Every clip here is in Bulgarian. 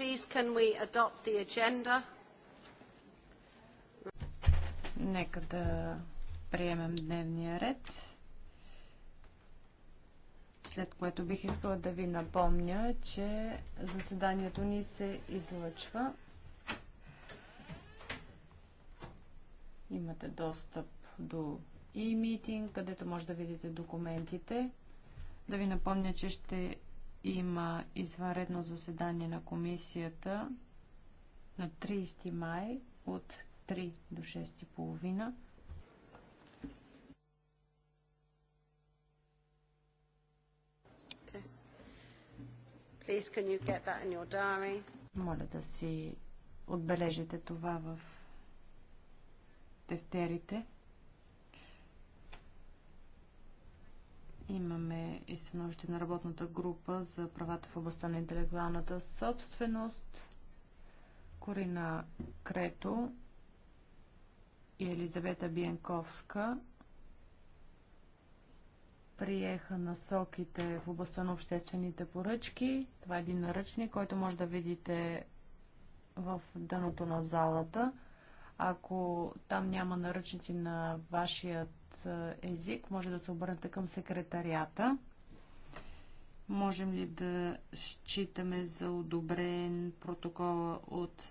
please can we adopt the agenda? Нека да приемем дневния ред. След което бих искала да ви напомня, че заседанието ни се излъчва. Имате достъп до e-meeting, където може да видите документите. Да ви напомня, че ще има извънредно заседание на комисията на 30 май от 3 до 6.30. половина. Моля да си отбележите това в тефтерите. Имаме и становище на работната група за правата в областта на интелектуалната собственост. Корина Крето и Елизавета Биенковска приеха насоките в областта на обществените поръчки. Това е един наръчник, който може да видите в дъното на залата. Ако там няма наръчници на вашия език, може да се обърнете към секретарията. Можем ли да считаме за одобрен протокола от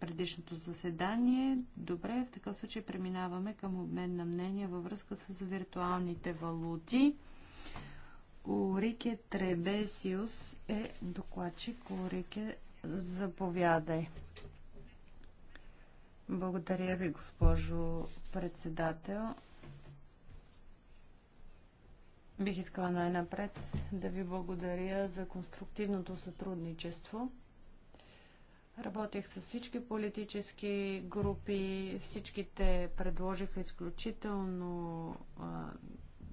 предишното заседание? Добре, в такъв случай преминаваме към обмен на мнения във връзка с виртуалните валути. Урике Требесиус е докладчик. Урике, заповядай. Благодаря ви, госпожо председател. Бих искала най-напред да ви благодаря за конструктивното сътрудничество. Работех с всички политически групи, всичките предложиха изключително а,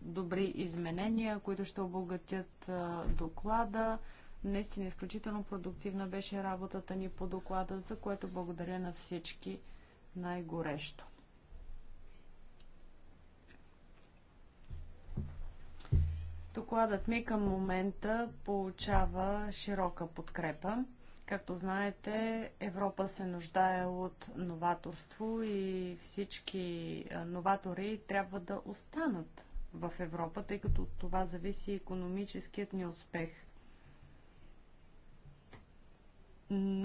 добри изменения, които ще обогатят а, доклада. Наистина изключително продуктивна беше работата ни по доклада, за което благодаря на всички най-горещо. Докладът ми към момента получава широка подкрепа. Както знаете, Европа се нуждае от новаторство и всички новатори трябва да останат в Европа, тъй като от това зависи економическият ни успех.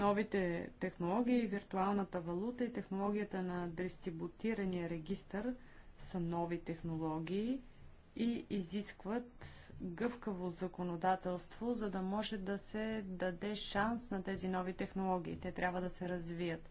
Новите технологии, виртуалната валута и технологията на дистрибутирания регистър са нови технологии – и изискват гъвкаво законодателство, за да може да се даде шанс на тези нови технологии. Те трябва да се развият.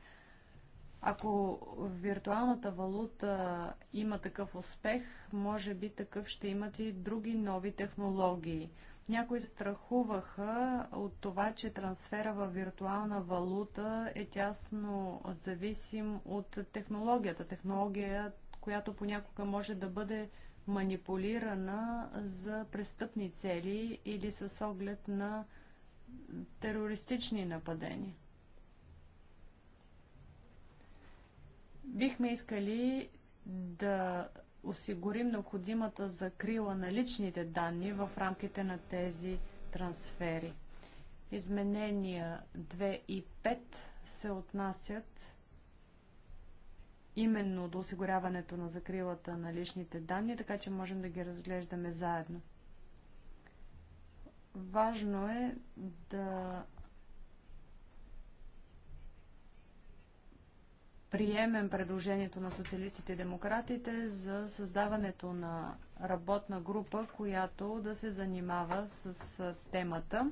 Ако виртуалната валута има такъв успех, може би такъв ще имат и други нови технологии. Някои страхуваха от това, че трансфера във виртуална валута е тясно зависим от технологията. Технология, която понякога може да бъде манипулирана за престъпни цели или с оглед на терористични нападения. Бихме искали да осигурим необходимата закрила на личните данни в рамките на тези трансфери. Изменения 2 и 5 се отнасят именно до осигуряването на закрилата на личните данни, така че можем да ги разглеждаме заедно. Важно е да приемем предложението на социалистите и демократите за създаването на работна група, която да се занимава с темата.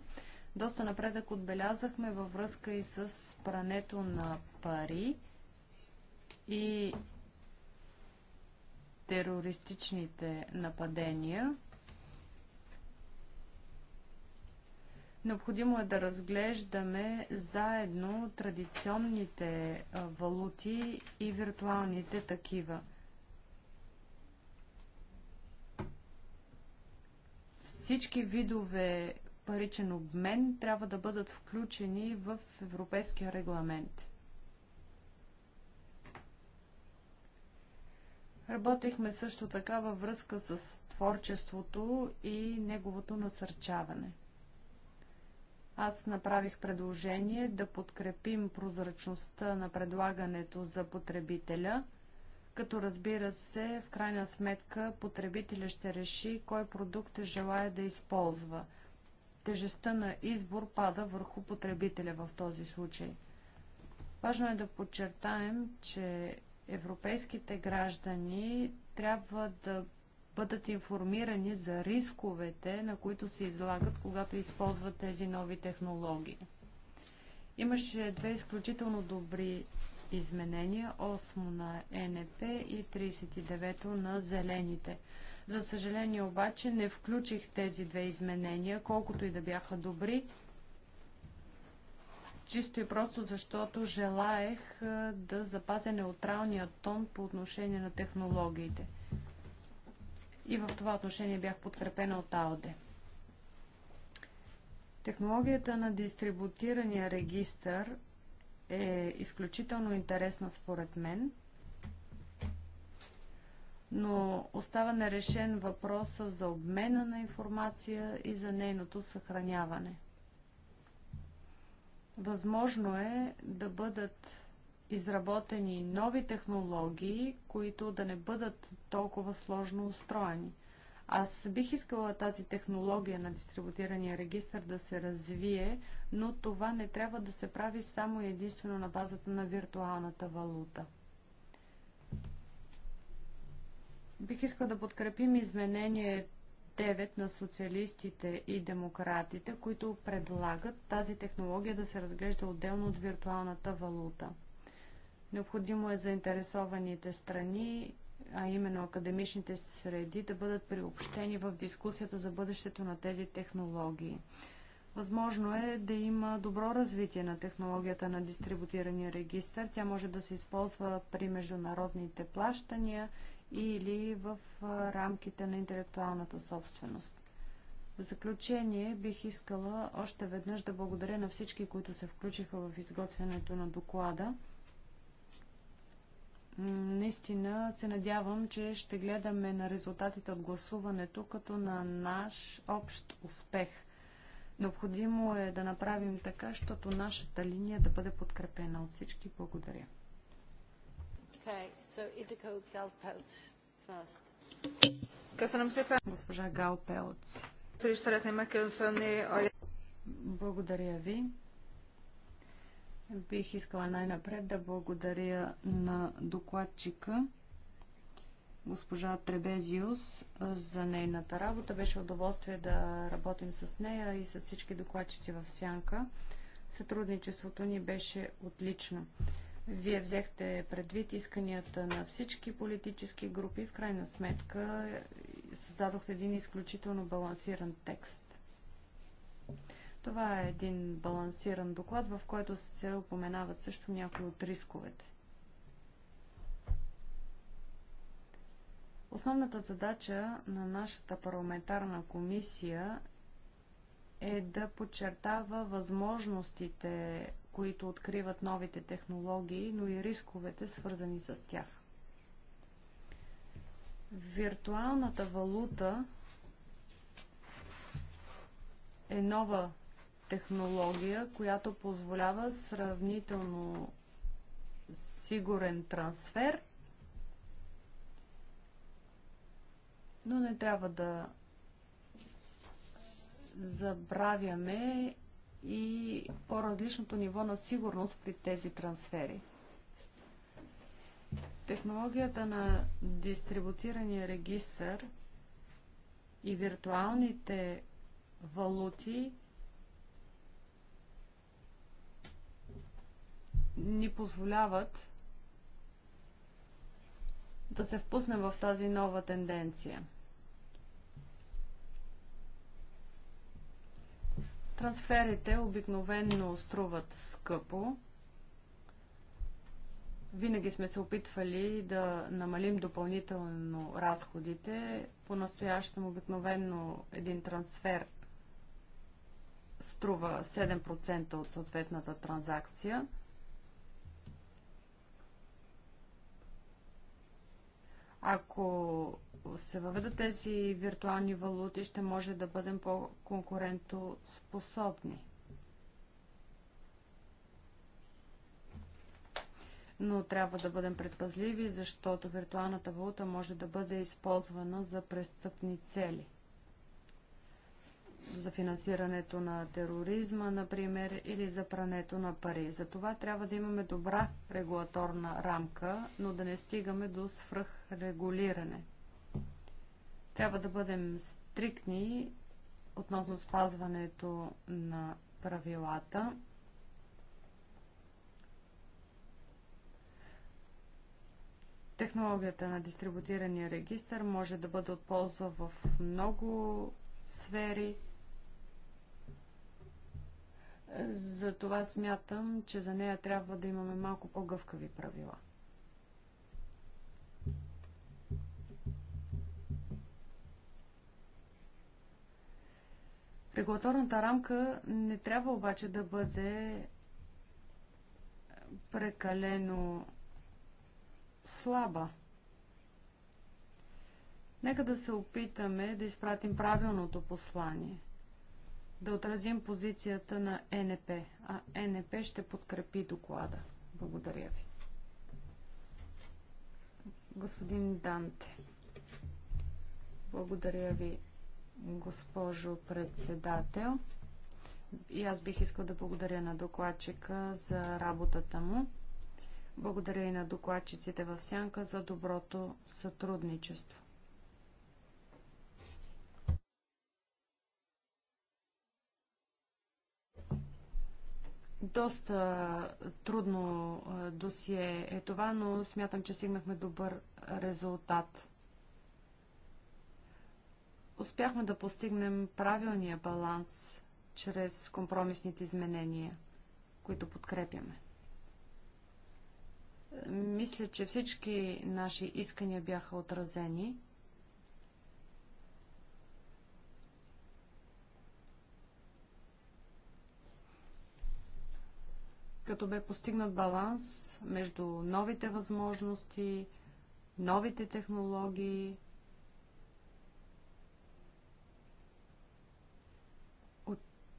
Доста напредък отбелязахме във връзка и с прането на пари и терористичните нападения. Необходимо е да разглеждаме заедно традиционните валути и виртуалните такива. Всички видове паричен обмен трябва да бъдат включени в Европейския регламент. Работихме също така във връзка с творчеството и неговото насърчаване. Аз направих предложение да подкрепим прозрачността на предлагането за потребителя, като разбира се, в крайна сметка потребителя ще реши кой продукт е желая да използва. Тежестта на избор пада върху потребителя в този случай. Важно е да подчертаем, че европейските граждани трябва да бъдат информирани за рисковете, на които се излагат, когато използват тези нови технологии. Имаше две изключително добри изменения, 8 на НП и 39 на Зелените. За съжаление обаче не включих тези две изменения, колкото и да бяха добри, чисто и просто защото желаех да запазя неутралния тон по отношение на технологиите. И в това отношение бях подкрепена от АОДЕ. Технологията на дистрибутирания регистър е изключително интересна според мен, но остава нерешен въпроса за обмена на информация и за нейното съхраняване – Възможно е да бъдат изработени нови технологии, които да не бъдат толкова сложно устроени. Аз бих искала тази технология на дистрибутирания регистр да се развие, но това не трябва да се прави само единствено на базата на виртуалната валута. Бих искала да подкрепим изменението 9 на социалистите и демократите, които предлагат тази технология да се разглежда отделно от виртуалната валута. Необходимо е заинтересованите страни, а именно академичните среди, да бъдат приобщени в дискусията за бъдещето на тези технологии. Възможно е да има добро развитие на технологията на дистрибутирания регистр. Тя може да се използва при международните плащания или в рамките на интелектуалната собственост. В заключение бих искала още веднъж да благодаря на всички, които се включиха в изготвянето на доклада. Наистина се надявам, че ще гледаме на резултатите от гласуването като на наш общ успех. Необходимо е да направим така, защото нашата линия да бъде подкрепена от всички. Благодаря. Госпожа Галпелц. Is Благодаря ви. Бих искала най-напред да благодаря на докладчика госпожа Требезиус за нейната работа. Беше удоволствие да работим с нея и с всички докладчици в Сянка. Сътрудничеството ни беше отлично. Вие взехте предвид исканията на всички политически групи. В крайна сметка създадохте един изключително балансиран текст. Това е един балансиран доклад, в който се упоменават също някои от рисковете. Основната задача на нашата парламентарна комисия е да подчертава възможностите които откриват новите технологии, но и рисковете, свързани с тях. Виртуалната валута е нова технология, която позволява сравнително сигурен трансфер, но не трябва да забравяме и по-различното ниво на сигурност при тези трансфери. Технологията на дистрибутирания регистър и виртуалните валути ни позволяват да се впуснем в тази нова тенденция. Трансферите обикновенно струват скъпо. Винаги сме се опитвали да намалим допълнително разходите. По-настоящем обикновенно един трансфер струва 7% от съответната транзакция. Ако ако се въведат тези виртуални валути, ще може да бъдем по-конкурентоспособни. но трябва да бъдем предпазливи, защото виртуалната валута може да бъде използвана за престъпни цели. За финансирането на тероризма, например, или за прането на пари. За това трябва да имаме добра регулаторна рамка, но да не стигаме до свръхрегулиране. Трябва да бъдем стриктни относно спазването на правилата. Технологията на дистрибутирания регистр може да бъде от полза в много сфери. Затова смятам, че за нея трябва да имаме малко по-гъвкави правила. Регулаторната рамка не трябва обаче да бъде прекалено слаба. Нека да се опитаме да изпратим правилното послание, да отразим позицията на НП, а НП ще подкрепи доклада. Благодаря ви. Господин Данте. Благодаря ви, госпожо председател. И аз бих искал да благодаря на докладчика за работата му. Благодаря и на докладчиците в Сянка за доброто сътрудничество. Доста трудно досие е това, но смятам, че стигнахме добър резултат успяхме да постигнем правилния баланс чрез компромисните изменения, които подкрепяме. Мисля, че всички наши искания бяха отразени. като бе постигнат баланс между новите възможности, новите технологии,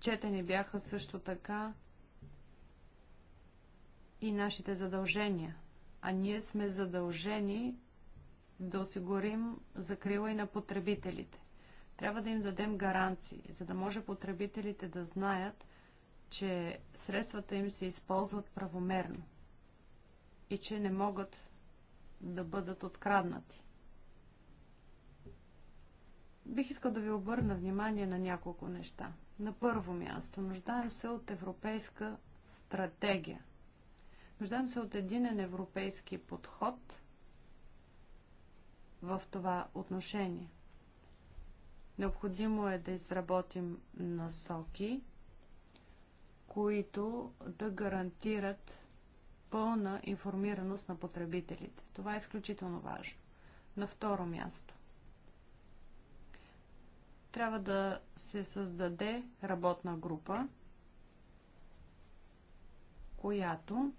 Четени бяха също така и нашите задължения. А ние сме задължени да осигурим закрила и на потребителите. Трябва да им дадем гаранции, за да може потребителите да знаят, че средствата им се използват правомерно и че не могат да бъдат откраднати. Бих искал да ви обърна внимание на няколко неща. На първо място, нуждаем се от европейска стратегия. Нуждаем се от единен европейски подход в това отношение. Необходимо е да изработим насоки, които да гарантират пълна информираност на потребителите. Това е изключително важно. На второ място трябва да се създаде работна група, която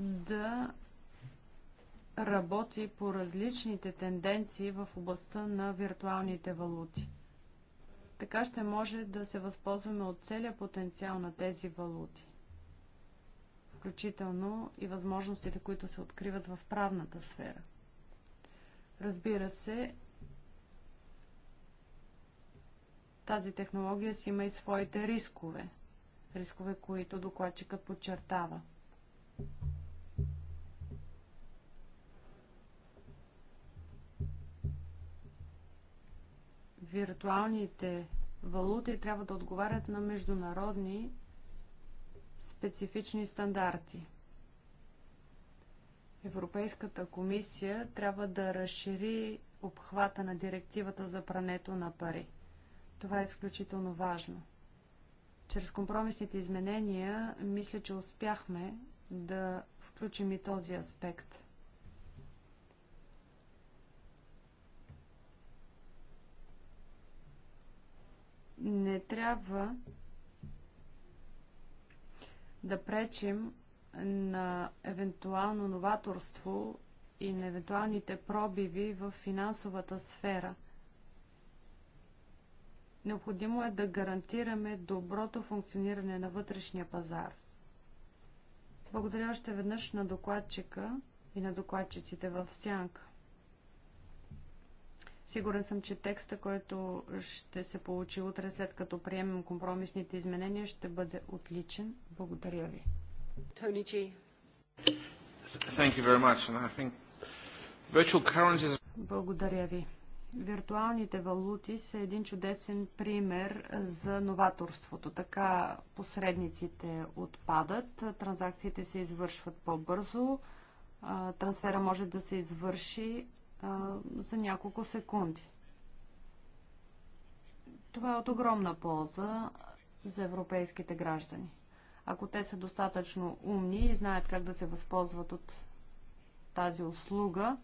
да работи по различните тенденции в областта на виртуалните валути. Така ще може да се възползваме от целия потенциал на тези валути, включително и възможностите, които се откриват в правната сфера. Разбира се, Тази технология си има и своите рискове. Рискове, които докладчикът подчертава. Виртуалните валути трябва да отговарят на международни специфични стандарти. Европейската комисия трябва да разшири обхвата на директивата за прането на пари. Това е изключително важно. Чрез компромисните изменения, мисля, че успяхме да включим и този аспект. Не трябва да пречим на евентуално новаторство и на евентуалните пробиви в финансовата сфера – Необходимо е да гарантираме доброто функциониране на вътрешния пазар. Благодаря още веднъж на докладчика и на докладчиците в Сянка. Сигурен съм, че текста, който ще се получи утре, след като приемем компромисните изменения, ще бъде отличен. Благодаря ви. Тони Чи. Благодаря ви. Виртуалните валути са един чудесен пример за новаторството. Така посредниците отпадат, транзакциите се извършват по-бързо, трансфера може да се извърши за няколко секунди. Това е от огромна полза за европейските граждани. Ако те са достатъчно умни и знаят как да се възползват от тази услуга,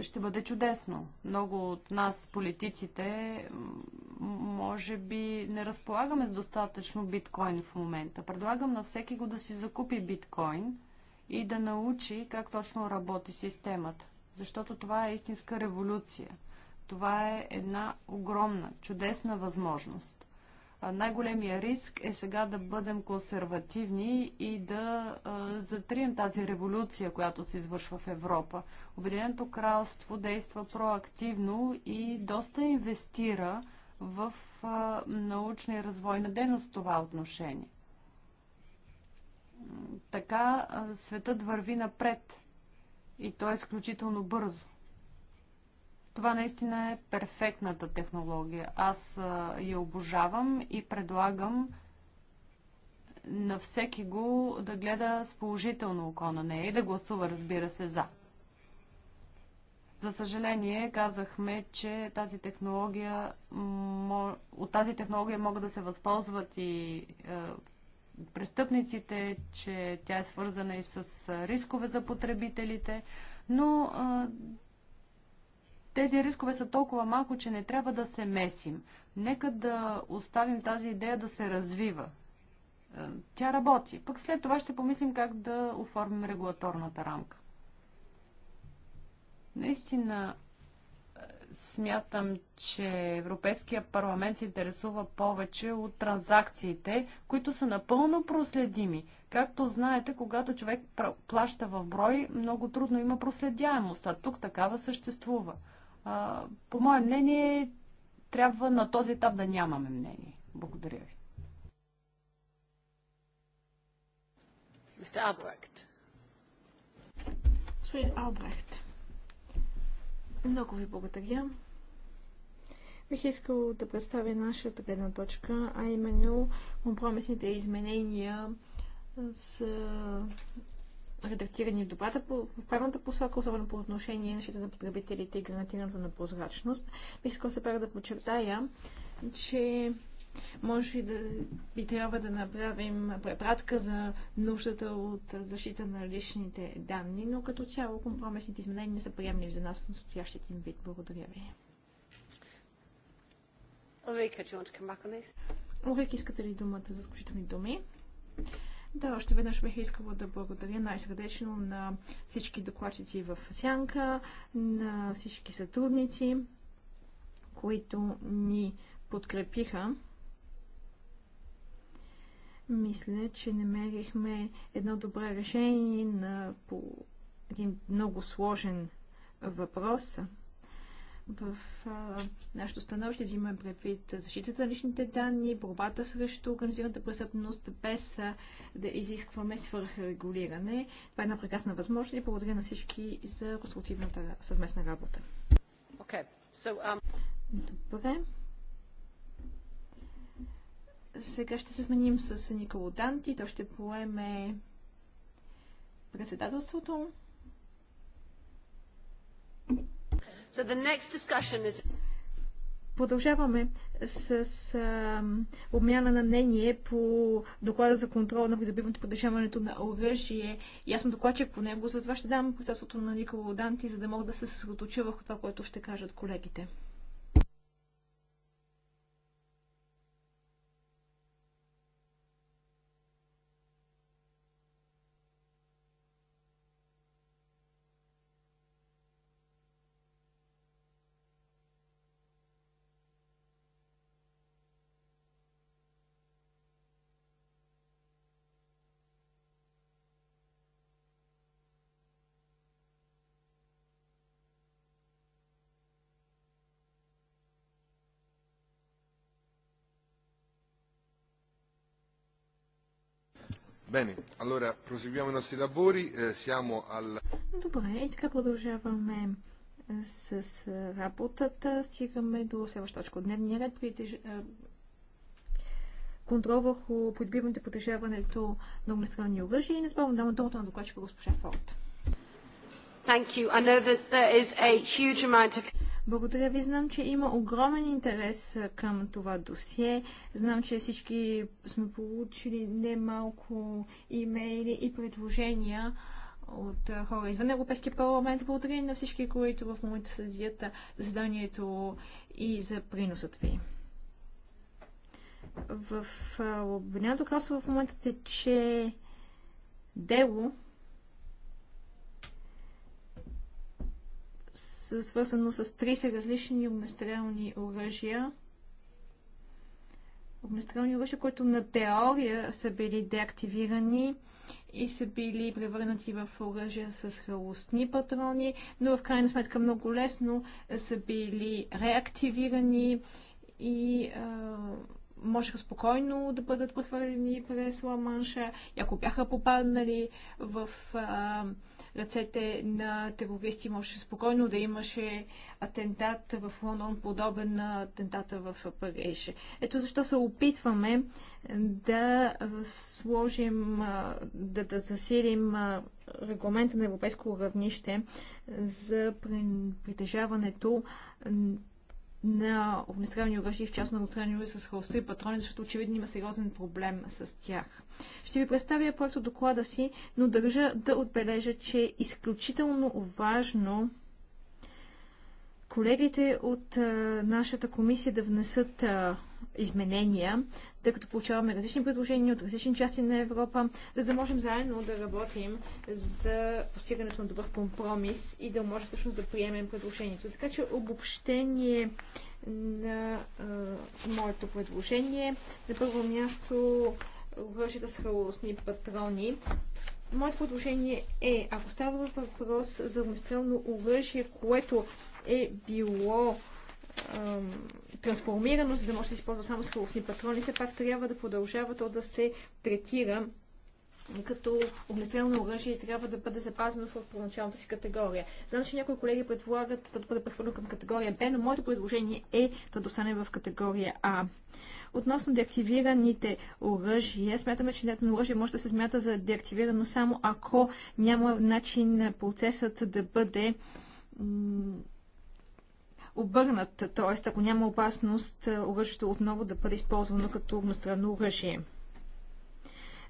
ще бъде чудесно. Много от нас, политиците, може би не разполагаме с достатъчно биткоин в момента. Предлагам на всеки го да си закупи биткоин и да научи как точно работи системата. Защото това е истинска революция. Това е една огромна, чудесна възможност най-големия риск е сега да бъдем консервативни и да затрием тази революция, която се извършва в Европа. Обединеното кралство действа проактивно и доста инвестира в научна и развойна дейност в това отношение. Така светът върви напред и то е изключително бързо. Това наистина е перфектната технология. Аз я обожавам и предлагам на всеки го да гледа с положително око на нея и да гласува, разбира се, за. За съжаление, казахме, че тази технология, от тази технология могат да се възползват и престъпниците, че тя е свързана и с рискове за потребителите, но тези рискове са толкова малко, че не трябва да се месим. Нека да оставим тази идея да се развива. Е, тя работи. Пък след това ще помислим как да оформим регулаторната рамка. Наистина е, смятам, че Европейския парламент се интересува повече от транзакциите, които са напълно проследими. Както знаете, когато човек плаща в брой, много трудно има проследяемост, а тук такава съществува по мое мнение, трябва на този етап да нямаме мнение. Благодаря ви. Господин Албрехт, много ви благодаря. Бих искал да представя нашата гледна точка, а именно компромисните изменения за редактирани в добрата, в правилната посока, особено по отношение на защита на потребителите и гарантирането на прозрачност. Искам се пак да подчертая, че може и да би трябва да направим препратка за нуждата от защита на личните данни, но като цяло компромисните изменения не са приемни за нас в настоящите им вид. Благодаря ви. Ulrika, искате ли думата за заключителни думи? Да, още веднъж бих искала да благодаря най-сърдечно на всички докладчици в Сянка, на всички сътрудници, които ни подкрепиха. Мисля, че намерихме едно добре решение на по един много сложен въпрос. В а, нашото становище взимаме предвид защитата на личните данни, борбата срещу организираната престъпност, без а, да изискваме свърхрегулиране. Това е една прекрасна възможност и благодаря на всички за конструктивната съвместна работа. Okay. So, um... Добре. Сега ще се сменим с Николо Данти. Той ще поеме председателството. Thank you. So is... Продължаваме с, а, обмяна на мнение по доклада за контрол на придобиването и поддържаването на оръжие. И аз съм докладчик по него, затова ще дам председателството на Никола Данти, за да мога да се съсредоточа върху това, което ще кажат колегите. Bene, allora proseguiamo i nostri lavori. Eh, siamo al... Добре, и така продължаваме с, с работата. Стигаме до следващата точка от дневния ред. Притеж... Е, контрол върху подбиването и притежаването на огнестрелни оръжия. И не спомням дам думата на докладчика госпожа Форд. Thank you. I know that there is a huge amount of... Благодаря ви. Знам, че има огромен интерес към това досие. Знам, че всички сме получили немалко имейли и предложения от хора извън Европейския парламент. Благодаря на всички, които в момента следят заданието и за приносът ви. В Обединеното кралство в момента тече дело свързано с 30 различни огнестрелни оръжия. Огнестрелни оръжия, които на теория са били деактивирани и са били превърнати в оръжия с халостни патрони, но в крайна сметка много лесно са били реактивирани и а, можеха спокойно да бъдат прехвърлени през Ламанша. И ако бяха попаднали в а, ръцете на терористи. Може спокойно да имаше атентат в Лондон, подобен на атентата в Париж. Ето защо се опитваме да сложим, да, да засилим регламента на европейско равнище за притежаването на огнестрелни оръжия, в част на огнестрелни оръжия с холста и патрони, защото очевидно има сериозен проблем с тях. Ще ви представя проекто доклада си, но държа да отбележа, че е изключително важно колегите от а, нашата комисия да внесат а, изменения, тъй като получаваме различни предложения от различни части на Европа, за да можем заедно да работим за постигането на добър компромис и да можем всъщност да приемем предложението. Така че обобщение на а, моето предложение. На първо място оръжията с хаосни патрони. Моето предложение е, ако става въпрос за огнестрелно оръжие, което е било трансформирано, за да може да се използва само скоростни патрони, все пак трябва да продължава то да се третира като огнестрелно оръжие и трябва да бъде запазено в първоначалната си категория. Знам, че някои колеги предполагат да бъде прехвърлено към категория Б, но моето предложение е да достане в категория А. Относно деактивираните оръжия, смятаме, че нетно оръжие може да се смята за деактивирано само ако няма начин процесът да бъде обърнат, т.е. ако няма опасност е, оръжието отново да бъде използвано като огнестрелно оръжие.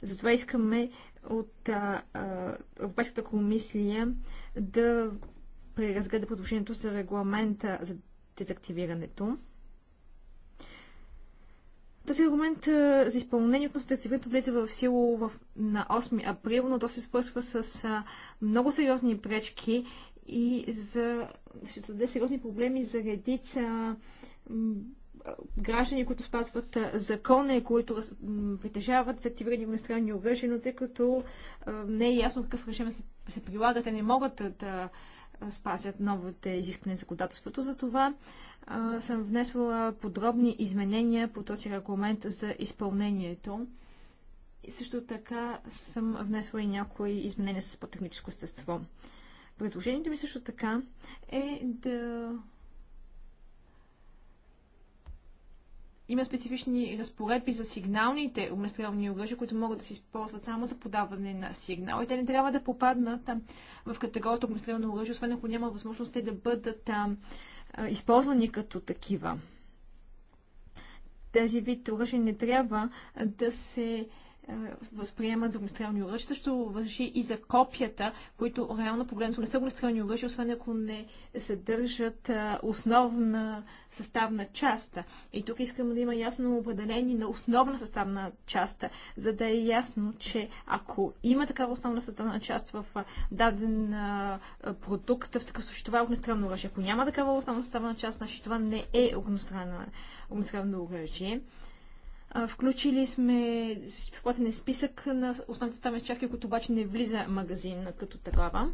Затова искаме от а, а, Европейската комисия да преразгледа предложението за регламента за дезактивирането. Този регламент за изпълнение относно тестирането влиза в сила на 8 април, но то се спръсва с много сериозни пречки и за, ще създаде сериозни проблеми за редица граждани, които спазват закона и които притежават с активирани огнестрелни оръжия, но тъй като не е ясно какъв режим се, се прилага, те не могат да спазят новите изисквания за законодателството. Затова а, съм внесла подробни изменения по този регламент за изпълнението. И също така съм внесла и някои изменения с по-техническо естество. Предложението ми също така е да има специфични разпоредби за сигналните огнестрелни оръжия, които могат да се използват само за подаване на сигнал. И те не трябва да попаднат в категорията огнестрелно оръжие, освен ако няма възможност те да бъдат а, а, използвани като такива. Тези вид оръжия не трябва да се е, възприемат за огнестрелни оръжия. Също въжи и за копията, които реално погледнато не са огнестрелни оръжия, освен ако не съдържат е, основна съставна част. И тук искам да има ясно определение на основна съставна част, за да е ясно, че ако има такава основна съставна част в е, даден продукт, в такъв случай това е огнестрелно оръжие. Ако няма такава основна съставна част, значи това не е огнестрелно оръжие. Включили сме платен е списък на основните ставни чавки, които обаче не влиза магазин като такава.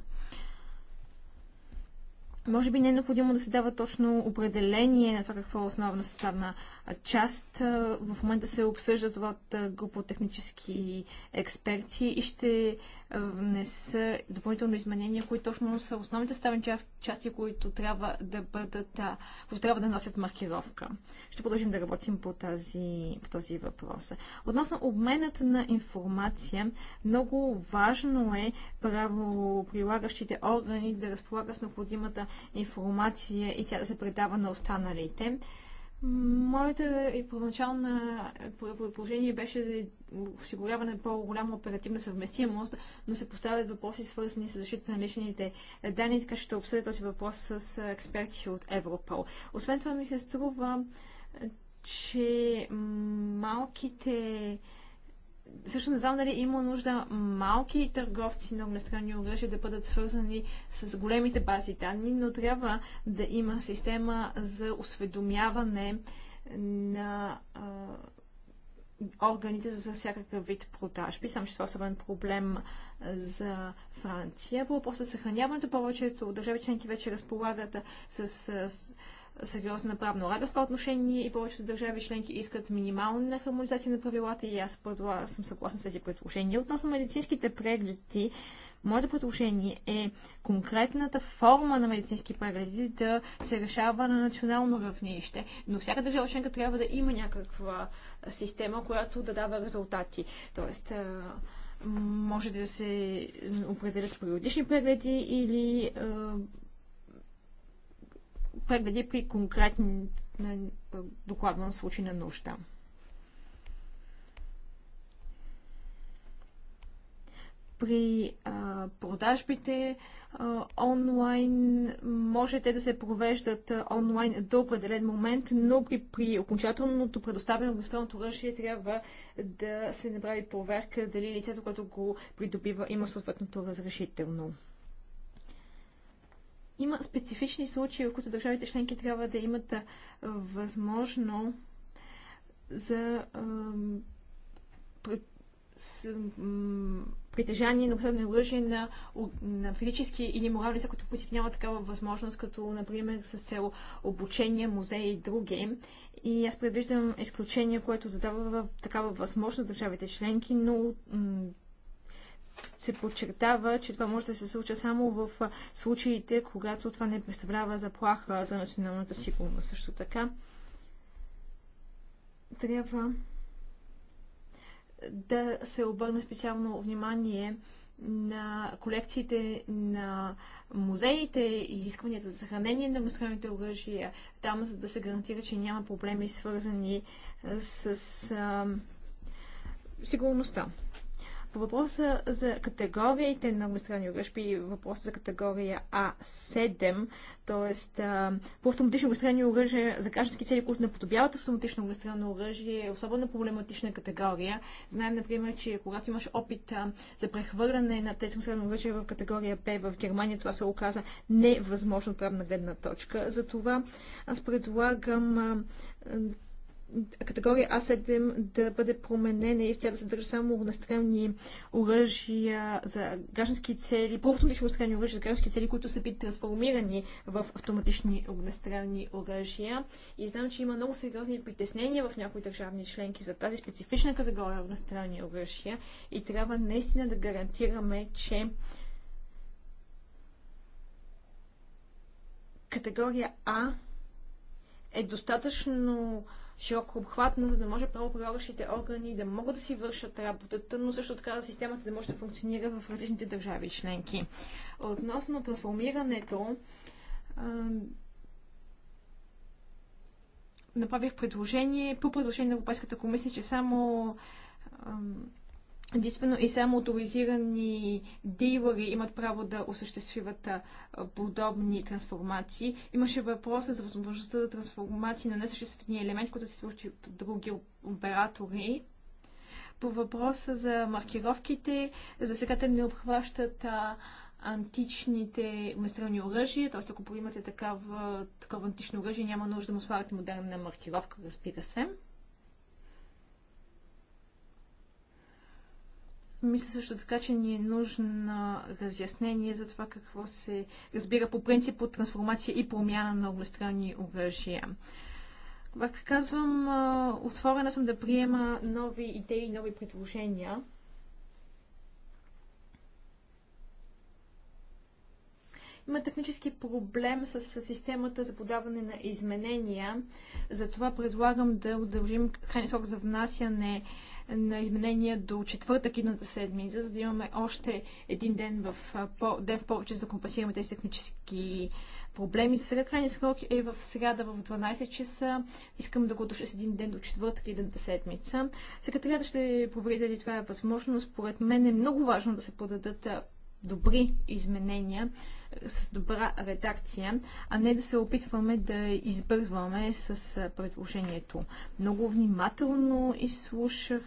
Може би не е необходимо да се дава точно определение на това какво е основна съставна част. В момента се обсъжда това от група технически експерти и ще внеса допълнително изменения, които точно са основните ставни части, които трябва да бъдат, които трябва да носят маркировка. Ще продължим да работим по, тази, по този въпрос. Относно обменът на информация, много важно е правоприлагащите органи да разполагат с необходимата информация и тя да се предава на останалите. Моето и поначално предположение беше за осигуряване на по-голяма оперативна съвместимост, но се поставят въпроси свързани с защита на личните данни, така ще обсъдя този въпрос с експерти от Европол. Освен това ми се струва, че малките също не знам дали има нужда малки търговци на огнестрелни оръжия да бъдат свързани с големите бази данни, но трябва да има система за осведомяване на а, органите за всякакъв вид продажби. Само, че това е особен проблем за Франция. По въпроса съхраняването повечето държави членки вече разполагат с, с сериозна правна уредба в това отношение и повечето държави членки искат минимална хармонизация на правилата и аз предла, съм съгласна с тези предложения. Относно медицинските прегледи, моето предложение е конкретната форма на медицински прегледи да се решава на национално равнище, но всяка държава членка трябва да има някаква система, която да дава резултати. Тоест, може да се определят периодични прегледи или прегледи при конкретен докладван случай на нужда. При а, продажбите а, онлайн може те да се провеждат а, онлайн до определен момент, но при, при окончателното предоставяне на гостовното оръжие трябва да се направи проверка дали лицето, което го придобива, има съответното разрешително. Има специфични случаи, в които държавите членки трябва да имат възможно за притежание на определено оръжие на, на физически или морални лица, които посипнява такава възможност, като, например, с цел обучение, музеи и други. И аз предвиждам изключение, което задава дава такава възможност държавите членки, но се подчертава, че това може да се случва само в случаите, когато това не представлява заплаха за националната сигурност. Също така, трябва да се обърне специално внимание на колекциите на музеите и изискванията за съхранение на огнестрелните оръжия, там за да се гарантира, че няма проблеми свързани с а, сигурността. По въпроса за категориите на огнестрелни оръжби, въпроса за категория А7, т.е. по автоматично огнестрелни оръжия за граждански цели, които наподобяват автоматично огнестрелно оръжие, е особено проблематична категория. Знаем, например, че когато имаш опит за прехвърляне на тези огнестрелни оръжия в категория Б в Германия, това се оказа невъзможно от правна гледна точка. Затова аз предлагам категория А7 да бъде променена и в тя да съдържа само огнестрелни оръжия за граждански цели, полуавтоматични огнестрелни оръжия за граждански цели, които са били трансформирани в автоматични огнестрелни оръжия. И знам, че има много сериозни притеснения в някои държавни членки за тази специфична категория огнестрелни оръжия и трябва наистина да гарантираме, че категория А е достатъчно широко обхватна, за да може правоприлагащите органи да могат да си вършат работата, но също така системата да може да функционира в различните държави и членки. Относно трансформирането, направих предложение, по предложение на Европейската комисия, че само Единствено и само авторизирани дилъри имат право да осъществяват подобни трансформации. Имаше въпроса за възможността за трансформации на несъществени елементи, които се случват от други оператори. По въпроса за маркировките, за сега те не обхващат античните мастерни оръжия, т.е. ако имате такава, такова антично оръжие, няма нужда да му слагате модерна маркировка, разбира се. Мисля също така, че ни е нужно разяснение за това какво се разбира по принцип от трансформация и промяна на огнестрелни оръжия. Как казвам, отворена съм да приема нови идеи, нови предложения. има технически проблем с, системата за подаване на изменения. Затова предлагам да удължим крайния срок за внасяне на изменения до четвъртък и седмица, за да имаме още един ден в, по, ден в повече, за да компенсираме тези технически проблеми. За сега крайния срок е в сряда в 12 часа. Искам да го душа с един ден до четвъртък и едната седмица. Секретарията ще провери дали това е възможно. Според мен е много важно да се подадат добри изменения, с добра редакция, а не да се опитваме да избързваме с предложението. Много внимателно изслушах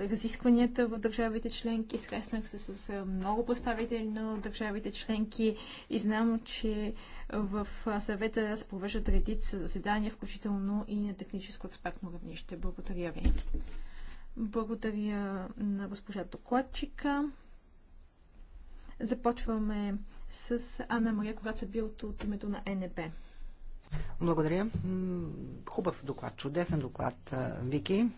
разискванията в държавите членки, скреснах се с много представители на държавите членки и знам, че в съвета се провеждат редица заседания, включително и на техническо експертно равнище. Благодаря ви. Благодаря на госпожа докладчика. Започваме с Анна Мария Кораца бил от името на НЕП. Благодаря. Хубав доклад, чудесен доклад, Вики.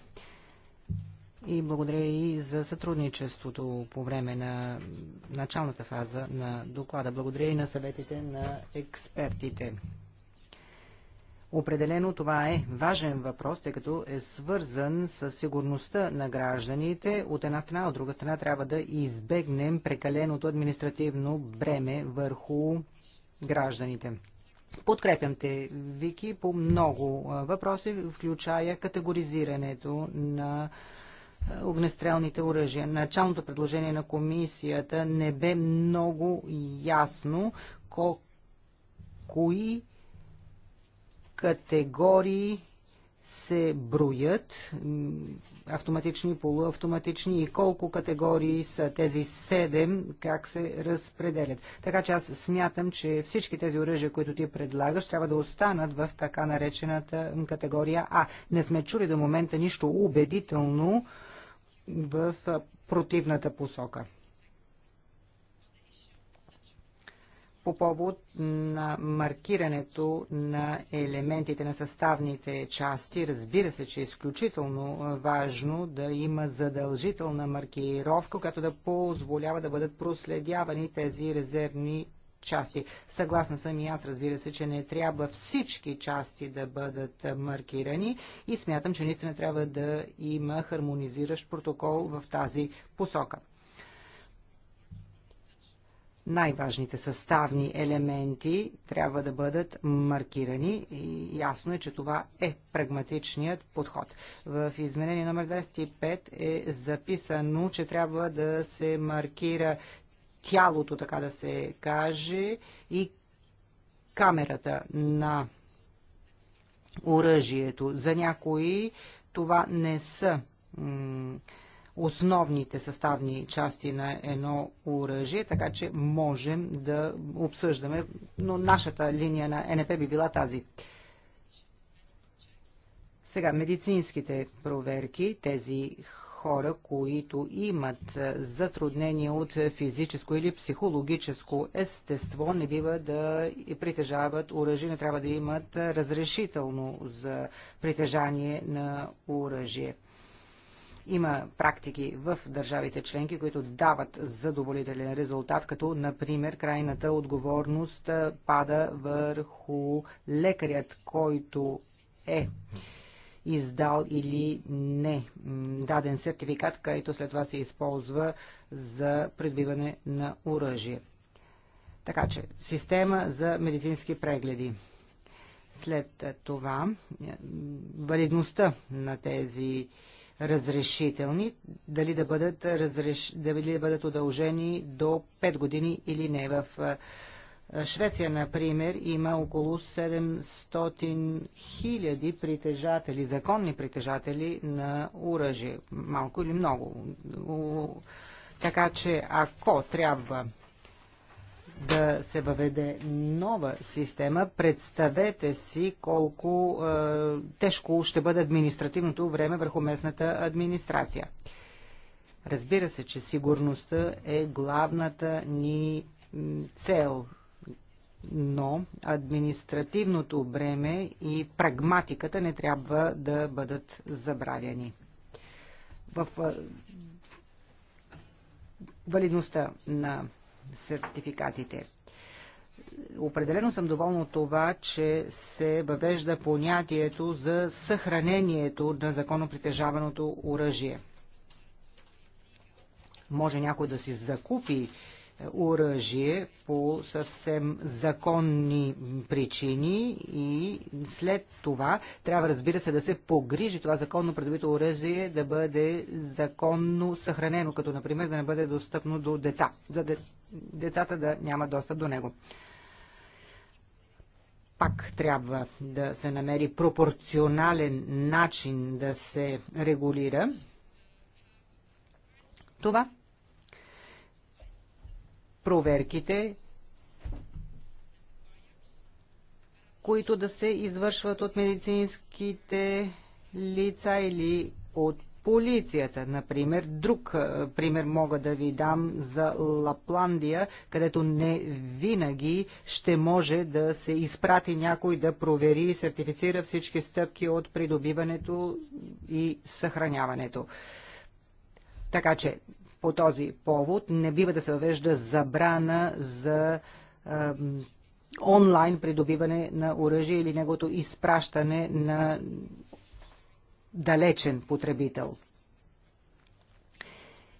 И благодаря и за сътрудничеството по време на началната фаза на доклада. Благодаря и на съветите на експертите. Определено това е важен въпрос, тъй като е свързан с сигурността на гражданите. От една страна, от друга страна трябва да избегнем прекаленото административно бреме върху гражданите. Подкрепям те, Вики, по много въпроси, включая категоризирането на огнестрелните оръжия. Началното предложение на комисията не бе много ясно ко... кои категории се броят, автоматични, полуавтоматични и колко категории са тези 7, как се разпределят. Така че аз смятам, че всички тези оръжия, които ти предлагаш, трябва да останат в така наречената категория А. Не сме чули до момента нищо убедително в противната посока. по повод на маркирането на елементите на съставните части. Разбира се, че е изключително важно да има задължителна маркировка, която да позволява да бъдат проследявани тези резервни части. Съгласна съм и аз, разбира се, че не трябва всички части да бъдат маркирани и смятам, че наистина трябва да има хармонизиращ протокол в тази посока най-важните съставни елементи трябва да бъдат маркирани и ясно е, че това е прагматичният подход. В изменение номер 25 е записано, че трябва да се маркира тялото, така да се каже, и камерата на оръжието. За някои това не са основните съставни части на едно оръжие, така че можем да обсъждаме, но нашата линия на НП би била тази. Сега, медицинските проверки, тези хора, които имат затруднения от физическо или психологическо естество, не бива да притежават оръжие, не трябва да имат разрешително за притежание на оръжие. Има практики в държавите членки, които дават задоволителен резултат, като например крайната отговорност пада върху лекарят, който е издал или не даден сертификат, който след това се използва за придобиване на оръжие. Така че, система за медицински прегледи. След това, е, валидността на тези разрешителни, дали да бъдат, разреш... дали да бъдат удължени до 5 години или не. В Швеция, например, има около 700 хиляди притежатели, законни притежатели на уръжие, малко или много. Така че, ако трябва да се въведе нова система, представете си колко е, тежко ще бъде административното време върху местната администрация. Разбира се, че сигурността е главната ни цел, но административното време и прагматиката не трябва да бъдат забравяни. В е, валидността на сертификатите. Определено съм доволна от това, че се въвежда понятието за съхранението на законопритежаваното оръжие. Може някой да си закупи оръжие по съвсем законни причини и след това трябва разбира се да се погрижи това законно придобито оръжие да бъде законно съхранено, като например да не бъде достъпно до деца, за де... децата да няма достъп до него. Пак трябва да се намери пропорционален начин да се регулира това проверките, които да се извършват от медицинските лица или от полицията. Например, друг пример мога да ви дам за Лапландия, където не винаги ще може да се изпрати някой да провери и сертифицира всички стъпки от придобиването и съхраняването. Така че по този повод не бива да се въвежда забрана за онлайн придобиване на оръжие или неговото изпращане на далечен потребител.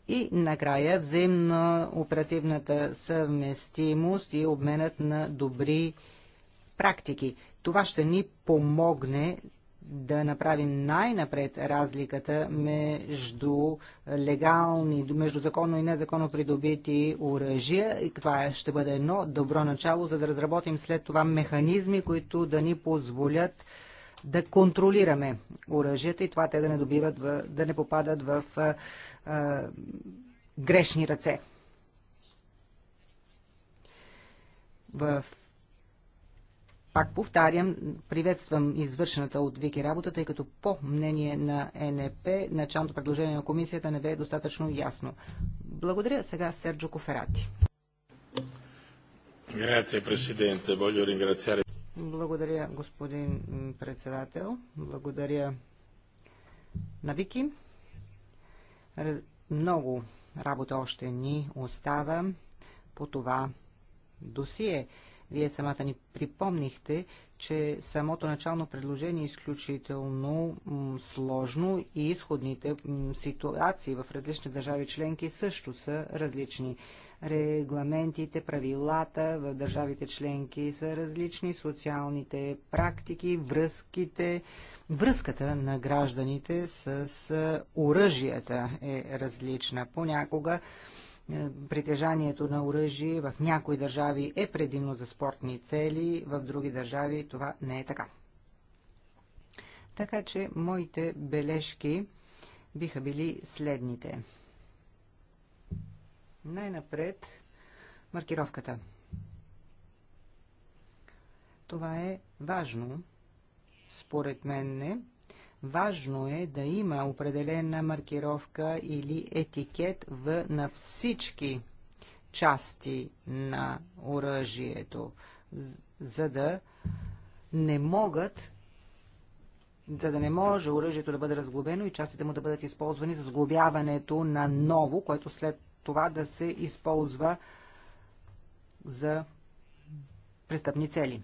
И накрая взаимно оперативната съвместимост и обменът на добри практики. Това ще ни помогне да направим най-напред разликата между легални, между законно и незаконно придобити оръжия. И това ще бъде едно добро начало, за да разработим след това механизми, които да ни позволят да контролираме оръжията и това те да не, добиват да не попадат в а, а, грешни ръце. В пак повтарям, приветствам извършената от Вики работа, тъй като по мнение на НП началното предложение на комисията не бе е достатъчно ясно. Благодаря сега Серджо Коферати. Грация, благодаря, господин председател. Благодаря на Вики. Много работа още ни остава по това досие. Вие самата ни припомнихте, че самото начално предложение е изключително сложно и изходните ситуации в различни държави членки също са различни. Регламентите, правилата в държавите членки са различни, социалните практики, връзките, връзката на гражданите с оръжията е различна. Понякога е, притежанието на оръжие в някои държави е предимно за спортни цели, в други държави това не е така. Така че моите бележки биха били следните. Най-напред маркировката. Това е важно, според мен, не, Важно е да има определена маркировка или етикет в, на всички части на оръжието, за да не могат за да не може оръжието да бъде разглобено и частите му да бъдат използвани за сглобяването на ново, което след това да се използва за престъпни цели.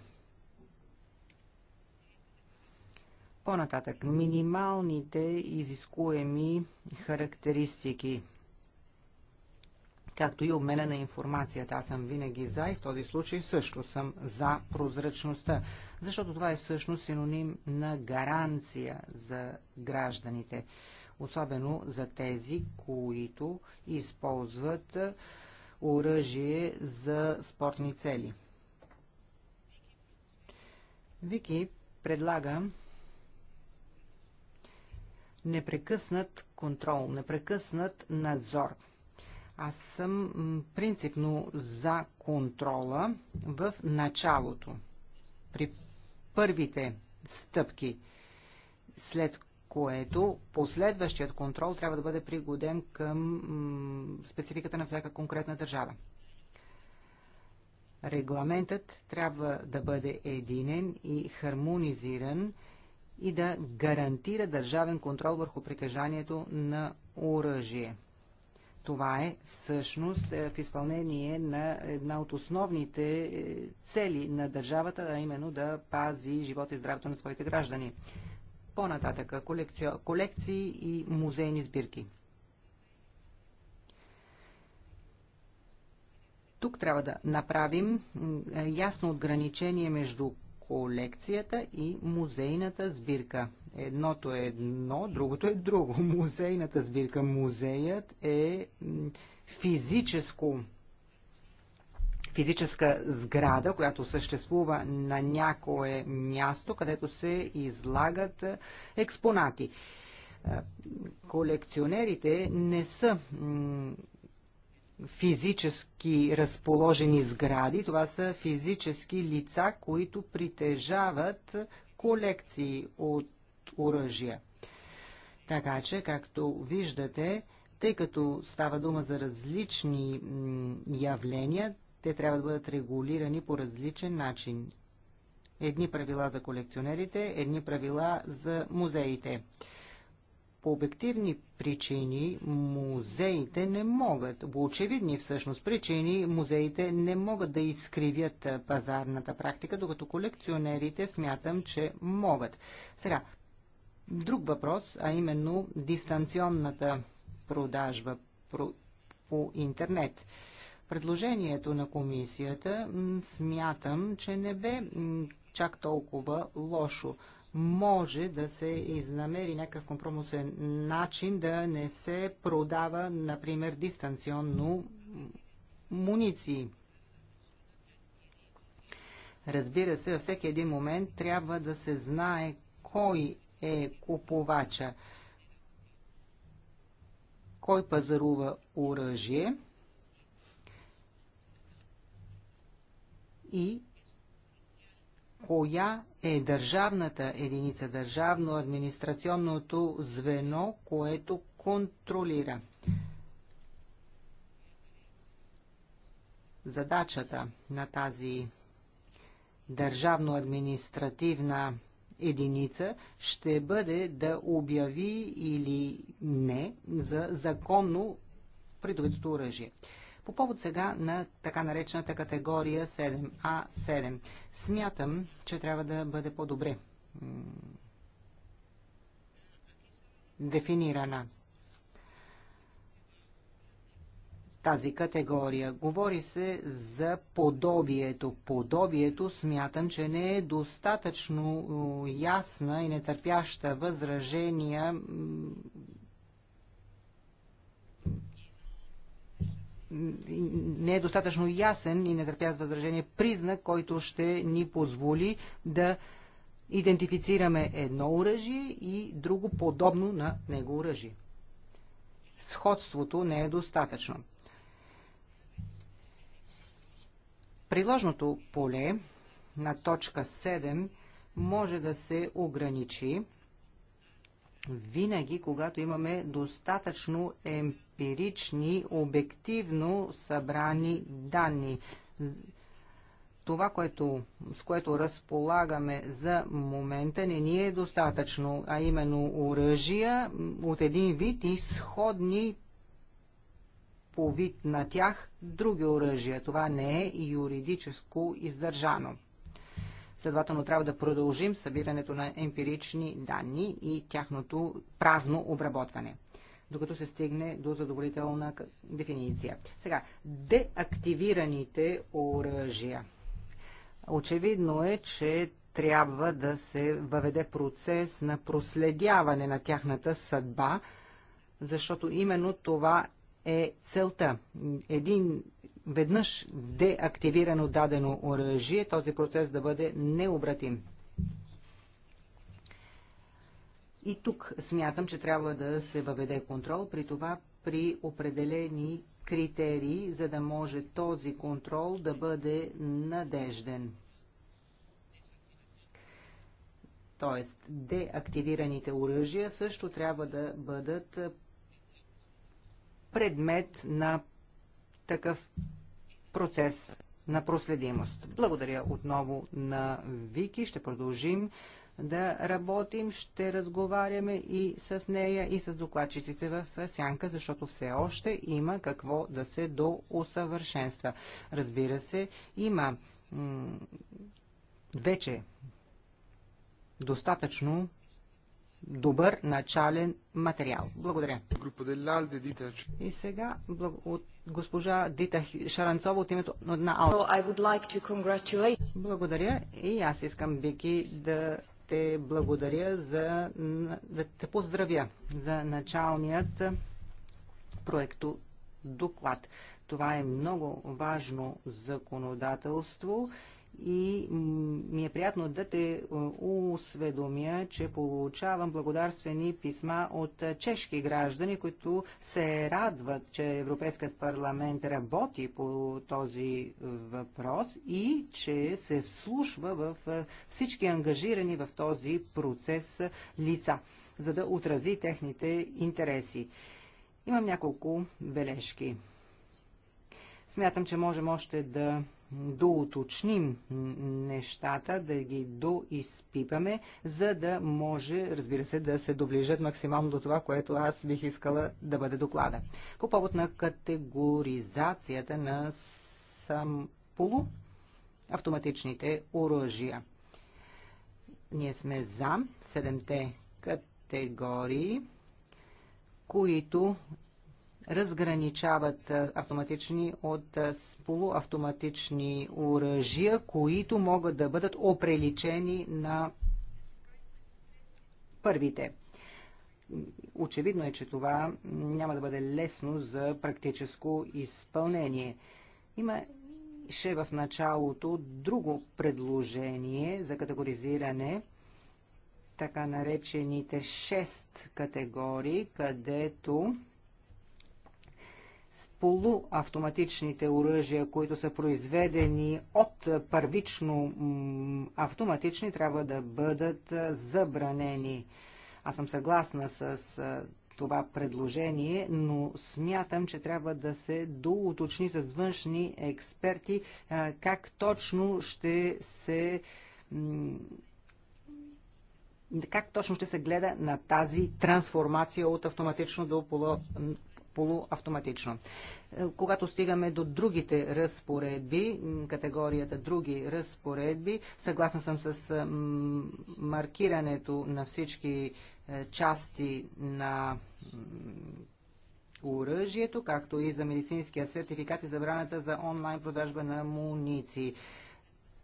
По-нататък, минималните изискуеми характеристики както и обмена на информацията. Аз съм винаги за и в този случай също съм за прозрачността, защото това е всъщност синоним на гаранция за гражданите, особено за тези, които използват оръжие за спортни цели. Вики предлага непрекъснат контрол, непрекъснат надзор. Аз съм принципно за контрола в началото, при първите стъпки, след което последващият контрол трябва да бъде пригоден към спецификата на всяка конкретна държава. Регламентът трябва да бъде единен и хармонизиран – и да гарантира държавен контрол върху притежанието на оръжие. Това е всъщност е, в изпълнение на една от основните е, цели на държавата, а именно да пази живота и здравето на своите граждани. По-нататъка колекции и музейни сбирки. Тук трябва да направим ясно отграничение между колекцията и музейната сбирка. Едното е едно, другото е друго. Музейната сбирка, музеят е физическо физическа сграда, която съществува на някое място, където се излагат е, експонати. Е, колекционерите не са физически разположени сгради, това са физически лица, които притежават колекции от оръжия. Така че, както виждате, тъй като става дума за различни явления, те трябва да бъдат регулирани по различен начин. Едни правила за колекционерите, едни правила за музеите по обективни причини музеите не могат, по очевидни всъщност причини, музеите не могат да изкривят пазарната практика, докато колекционерите смятам, че могат. Сега, друг въпрос, а именно дистанционната продажба по интернет. Предложението на комисията смятам, че не бе чак толкова лошо може да се изнамери някакъв компромисен начин да не се продава, например, дистанционно муниции. Разбира се, във всеки един момент трябва да се знае кой е купувача, кой пазарува оръжие и коя е държавната единица, държавно администрационното звено, което контролира. Задачата на тази държавно-административна единица ще бъде да обяви или не за законно придобитото оръжие. По повод сега на така наречената категория 7А7. Смятам, че трябва да бъде по-добре дефинирана тази категория. Говори се за подобието. Подобието смятам, че не е достатъчно ясна и нетърпяща възражения не е достатъчно ясен и не търпя с възражение признак, който ще ни позволи да идентифицираме едно оръжие и друго подобно на него оръжие. Сходството не е достатъчно. Приложното поле на точка 7 може да се ограничи винаги, когато имаме достатъчно емпирия емпирични, обективно събрани данни. Това, което, с което разполагаме за момента, не ни е достатъчно, а именно оръжия от един вид и сходни по вид на тях други оръжия. Това не е юридическо издържано. Следователно трябва да продължим събирането на емпирични данни и тяхното правно обработване докато се стигне до задоволителна дефиниция. Сега, деактивираните оръжия. Очевидно е, че трябва да се въведе процес на проследяване на тяхната съдба, защото именно това е целта. Един веднъж деактивирано дадено оръжие, този процес да бъде необратим. И тук смятам, че трябва да се въведе контрол, при това при определени критерии, за да може този контрол да бъде надежден. Тоест, деактивираните оръжия също трябва да бъдат предмет на такъв процес на проследимост. Благодаря отново на Вики. Ще продължим да работим. Ще разговаряме и с нея, и с докладчиците в сянка, защото все още има какво да се доусъвършенства. Разбира се, има вече достатъчно добър начален материал. Благодаря. И сега от госпожа Дита Шаранцова от името на Алта. Благодаря и аз искам Бики да те благодаря за, да те поздравя за началният проекто доклад. Това е много важно законодателство и ми е приятно да те е, усведомя, че получавам благодарствени писма от е, чешки граждани, които се радват, че Европейският парламент работи по този е, въпрос и че се вслушва в всички ангажирани в този процес лица, за да отрази техните интереси. Имам няколко бележки. Смятам, че можем още да доуточним нещата, да ги доизпипаме, за да може, разбира се, да се доближат максимално до това, което аз бих искала да бъде доклада. По повод на категоризацията на сам полу автоматичните оръжия. Ние сме за седемте категории, които разграничават автоматични от полуавтоматични оръжия, които могат да бъдат оприличени на първите. Очевидно е, че това няма да бъде лесно за практическо изпълнение. Има ще в началото друго предложение за категоризиране така наречените 6 категории, където с полуавтоматичните оръжия, които са произведени от първично автоматични, трябва да бъдат забранени. Аз съм съгласна с това предложение, но смятам, че трябва да се доуточни с външни експерти как точно ще се как точно ще се гледа на тази трансформация от автоматично до полуавтоматично. Е, когато стигаме до другите разпоредби, категорията други разпоредби, съгласна съм с маркирането на всички е, части на оръжието, както и за медицинския сертификат и забраната за онлайн продажба на муниции.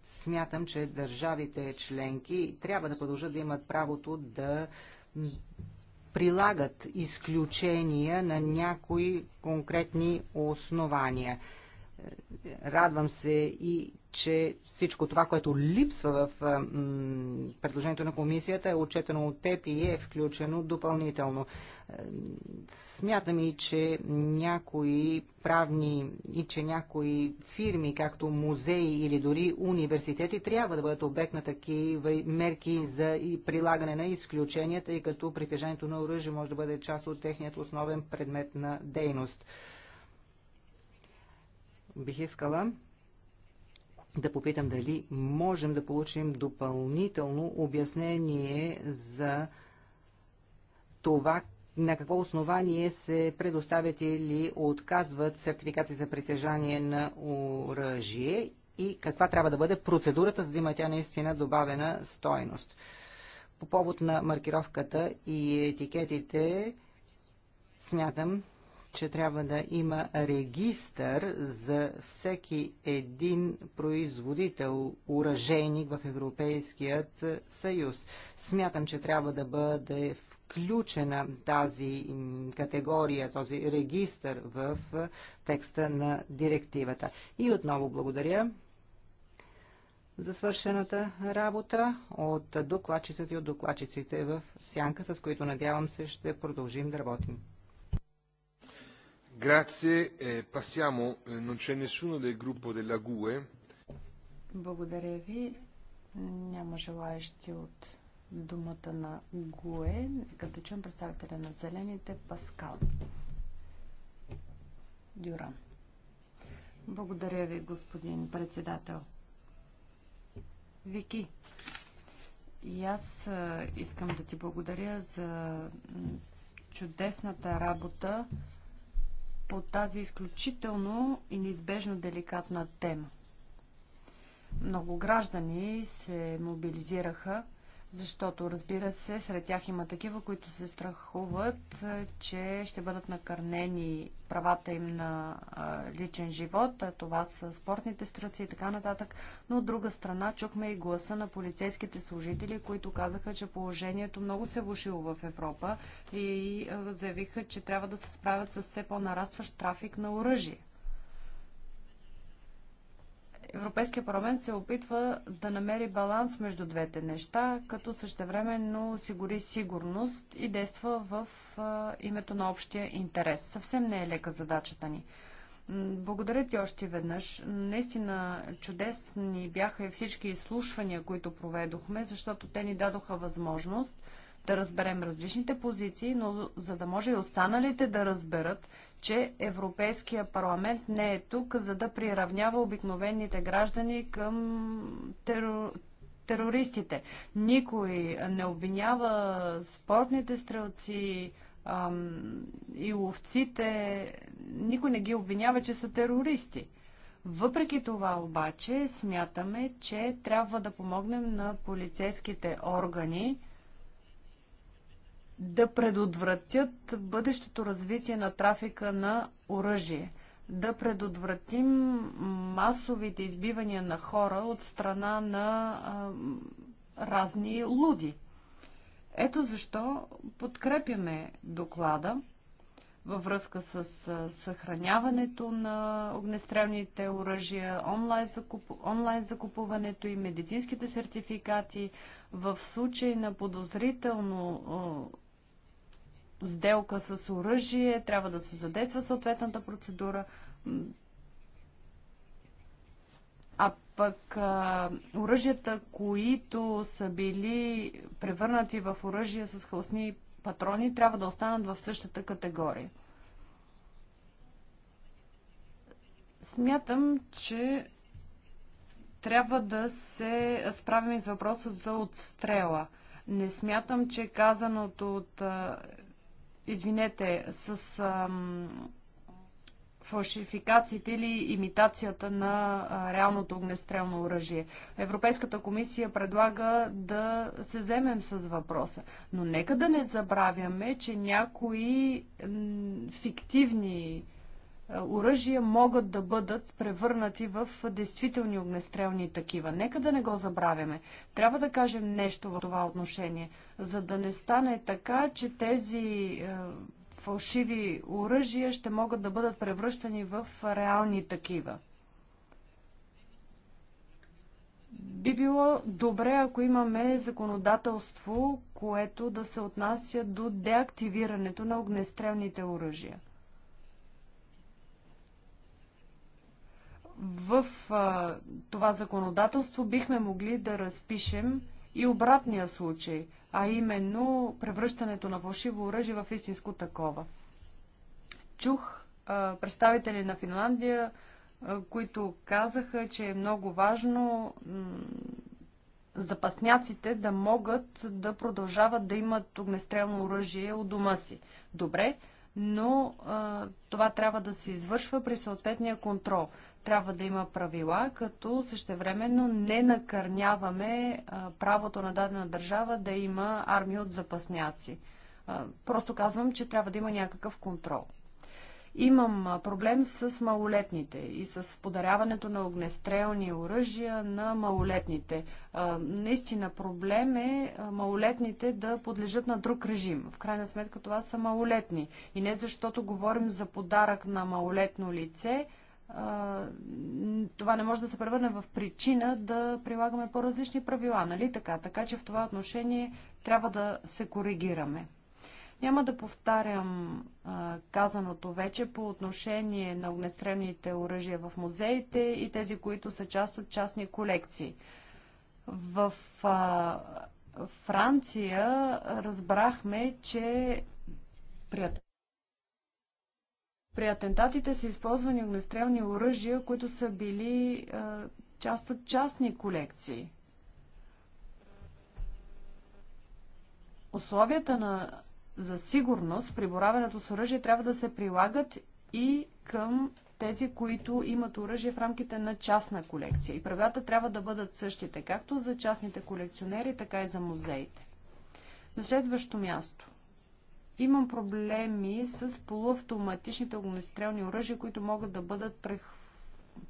Смятам, че държавите членки трябва да продължат да имат правото да прилагат изключения на някои конкретни основания. Радвам се и че всичко това, което липсва в предложението на комисията е отчетено от теб и е включено допълнително. Смятам и, че някои правни и че някои фирми, както музеи или дори университети, трябва да бъдат обект на такива мерки за и прилагане на изключенията, и като притежанието на оръжие може да бъде част от техният основен предмет на дейност. Бих искала да попитам дали можем да получим допълнително обяснение за това, на какво основание се предоставят или отказват сертификати за притежание на оръжие и каква трябва да бъде процедурата, за да има тя наистина добавена стойност. По повод на маркировката и етикетите, смятам, че трябва да има регистър за всеки един производител уражейник в Европейският съюз. Смятам, че трябва да бъде включена тази категория, този регистър в текста на директивата. И отново благодаря за свършената работа от докладчиците и от докладчиците в Сянка, с които надявам се ще продължим да работим. Grazie. Eh, passiamo, eh, non c'è nessuno del gruppo della GUE. Благодаря ви. Няма желаящи от думата на ГУЕ. Като чуем представителя на зелените, Паскал. Дюран. Благодаря ви, господин председател. Вики, и аз искам да ти благодаря за чудесната работа, по тази изключително и неизбежно деликатна тема. Много граждани се мобилизираха защото разбира се, сред тях има такива, които се страхуват, че ще бъдат накърнени правата им на личен живот, а това са спортните страци и така нататък. Но от друга страна чухме и гласа на полицейските служители, които казаха, че положението много се влушило в Европа и заявиха, че трябва да се справят с все по-нарастващ трафик на оръжие. Европейския парламент се опитва да намери баланс между двете неща, като същевременно осигури сигурност и действа в името на общия интерес. Съвсем не е лека задачата ни. Благодаря ти още веднъж. Наистина чудесни бяха и всички изслушвания, които проведохме, защото те ни дадоха възможност да разберем различните позиции, но за да може и останалите да разберат, че Европейския парламент не е тук, за да приравнява обикновените граждани към теро... терористите. Никой не обвинява спортните стрелци ам, и ловците, никой не ги обвинява, че са терористи. Въпреки това обаче смятаме, че трябва да помогнем на полицейските органи да предотвратят бъдещото развитие на трафика на оръжие, да предотвратим масовите избивания на хора от страна на а, разни луди. Ето защо подкрепяме доклада във връзка с съхраняването на огнестрелните оръжия, онлайн, закуп... онлайн закупуването и медицинските сертификати в случай на подозрително сделка с оръжие, трябва да се задейства съответната процедура. А пък а, оръжията, които са били превърнати в оръжия с хълсни патрони, трябва да останат в същата категория. Смятам, че трябва да се справим с въпроса за отстрела. Не смятам, че казаното от извинете, с ам, фалшификациите или имитацията на а, реалното огнестрелно оръжие. Европейската комисия предлага да се вземем с въпроса. Но нека да не забравяме, че някои м, фиктивни оръжия могат да бъдат превърнати в действителни огнестрелни такива. Нека да не го забравяме. Трябва да кажем нещо в това отношение, за да не стане така, че тези е, фалшиви оръжия ще могат да бъдат превръщани в реални такива. Би било добре, ако имаме законодателство, което да се отнася до деактивирането на огнестрелните оръжия. в а, това законодателство бихме могли да разпишем и обратния случай, а именно превръщането на фалшиво оръжие в истинско такова. Чух а, представители на Финландия, а, които казаха, че е много важно запасняците да могат да продължават да имат огнестрелно оръжие у дома си. Добре, но а, това трябва да се извършва при съответния контрол трябва да има правила, като същевременно не накърняваме правото на дадена държава да има армия от запасняци. Просто казвам, че трябва да има някакъв контрол. Имам проблем с малолетните и с подаряването на огнестрелни оръжия на малолетните. Наистина проблем е малолетните да подлежат на друг режим. В крайна сметка това са малолетни. И не защото говорим за подарък на малолетно лице, това не може да се превърне в причина да прилагаме по-различни правила, нали така? Така че в това отношение трябва да се коригираме. Няма да повтарям а, казаното вече по отношение на огнестрелните оръжия в музеите и тези, които са част от частни колекции. В а, Франция разбрахме, че приятел. При атентатите са използвани огнестрелни оръжия, които са били а, част от частни колекции. Условията на, за сигурност при боравенето с оръжие трябва да се прилагат и към тези, които имат оръжие в рамките на частна колекция. И правилата трябва да бъдат същите, както за частните колекционери, така и за музеите. На следващо място. Имам проблеми с полуавтоматичните огнестрелни оръжия, които могат да бъдат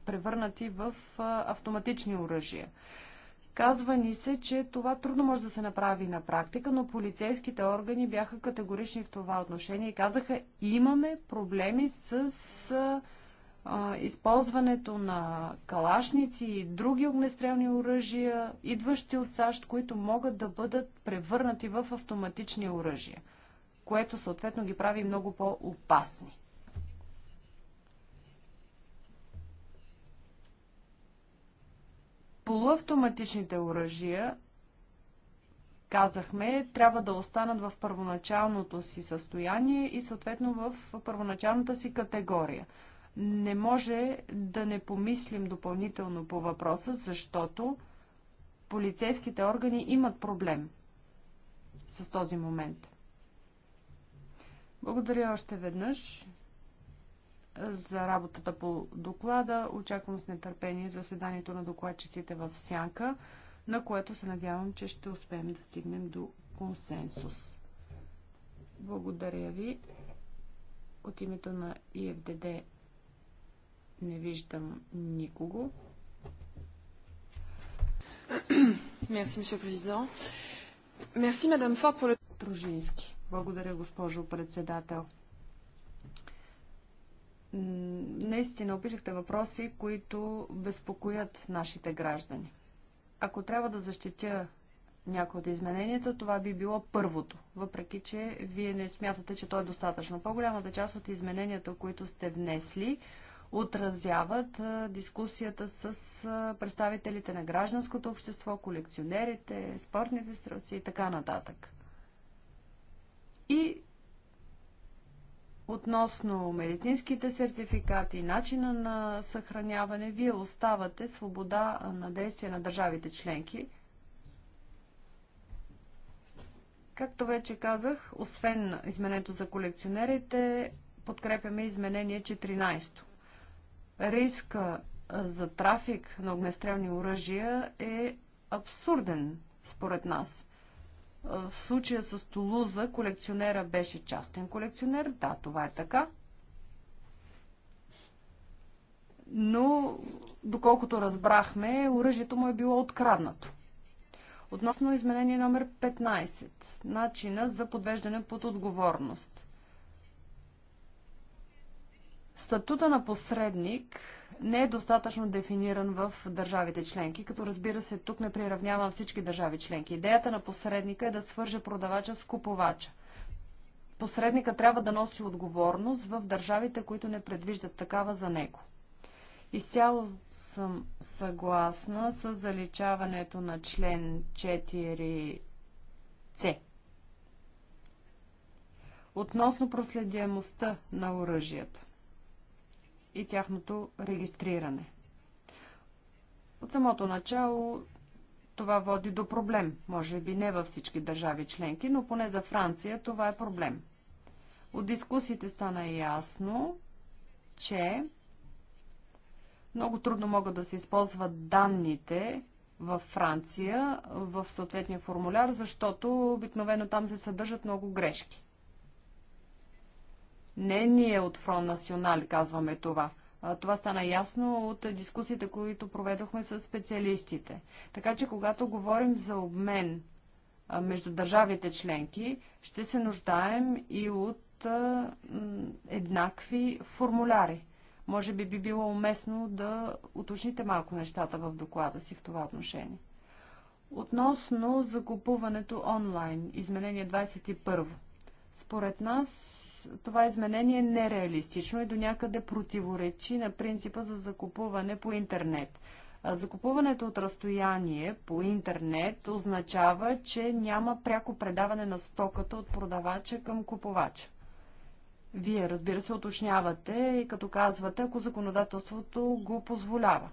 превърнати в автоматични оръжия. Казва ни се, че това трудно може да се направи на практика, но полицейските органи бяха категорични в това отношение и казаха, имаме проблеми с а, използването на калашници и други огнестрелни оръжия, идващи от САЩ, които могат да бъдат превърнати в автоматични оръжия което съответно ги прави много по-опасни. Полуавтоматичните оръжия, казахме, трябва да останат в първоначалното си състояние и съответно в първоначалната си категория. Не може да не помислим допълнително по въпроса, защото полицейските органи имат проблем с този момент. Благодаря още веднъж за работата по доклада. Очаквам с нетърпение заседанието на докладчиците в Сянка, на което се надявам, че ще успеем да стигнем до консенсус. Благодаря ви. От името на ИФДД не виждам никого. Мерси, мисър президент. Мерси, мадам Фор, pour le... Дружински. Благодаря, госпожо председател. Наистина описахте въпроси, които безпокоят нашите граждани. Ако трябва да защитя някои от измененията, това би било първото, въпреки че вие не смятате, че то е достатъчно. По-голямата част от измененията, които сте внесли, отразяват дискусията с представителите на гражданското общество, колекционерите, спортните стрелци и така нататък. И относно медицинските сертификати и начина на съхраняване, вие оставате свобода на действие на държавите членки. Както вече казах, освен изменението за колекционерите, подкрепяме изменение 14. Риска за трафик на огнестрелни оръжия е абсурден, според нас. В случая с Тулуза колекционера беше частен колекционер. Да, това е така. Но, доколкото разбрахме, оръжието му е било откраднато. Относно изменение номер 15. Начина за подвеждане под отговорност. Статута на посредник не е достатъчно дефиниран в държавите членки, като разбира се тук не приравнявам всички държави членки. Идеята на посредника е да свърже продавача с купувача. Посредника трябва да носи отговорност в държавите, които не предвиждат такава за него. Изцяло съм съгласна с заличаването на член 4c. Относно проследяемостта на оръжията и тяхното регистриране. От самото начало това води до проблем. Може би не във всички държави членки, но поне за Франция това е проблем. От дискусиите стана ясно, че много трудно могат да се използват данните във Франция в съответния формуляр, защото обикновено там се съдържат много грешки. Не ние от Фронт Национал казваме това. Това стана ясно от дискусиите, които проведохме с специалистите. Така че, когато говорим за обмен между държавите членки, ще се нуждаем и от еднакви формуляри. Може би би било уместно да уточните малко нещата в доклада си в това отношение. Относно закупуването онлайн, изменение 21. Според нас това изменение е нереалистично и до някъде противоречи на принципа за закупуване по интернет. Закупуването от разстояние по интернет означава, че няма пряко предаване на стоката от продавача към купувача. Вие, разбира се, уточнявате и като казвате, ако законодателството го позволява.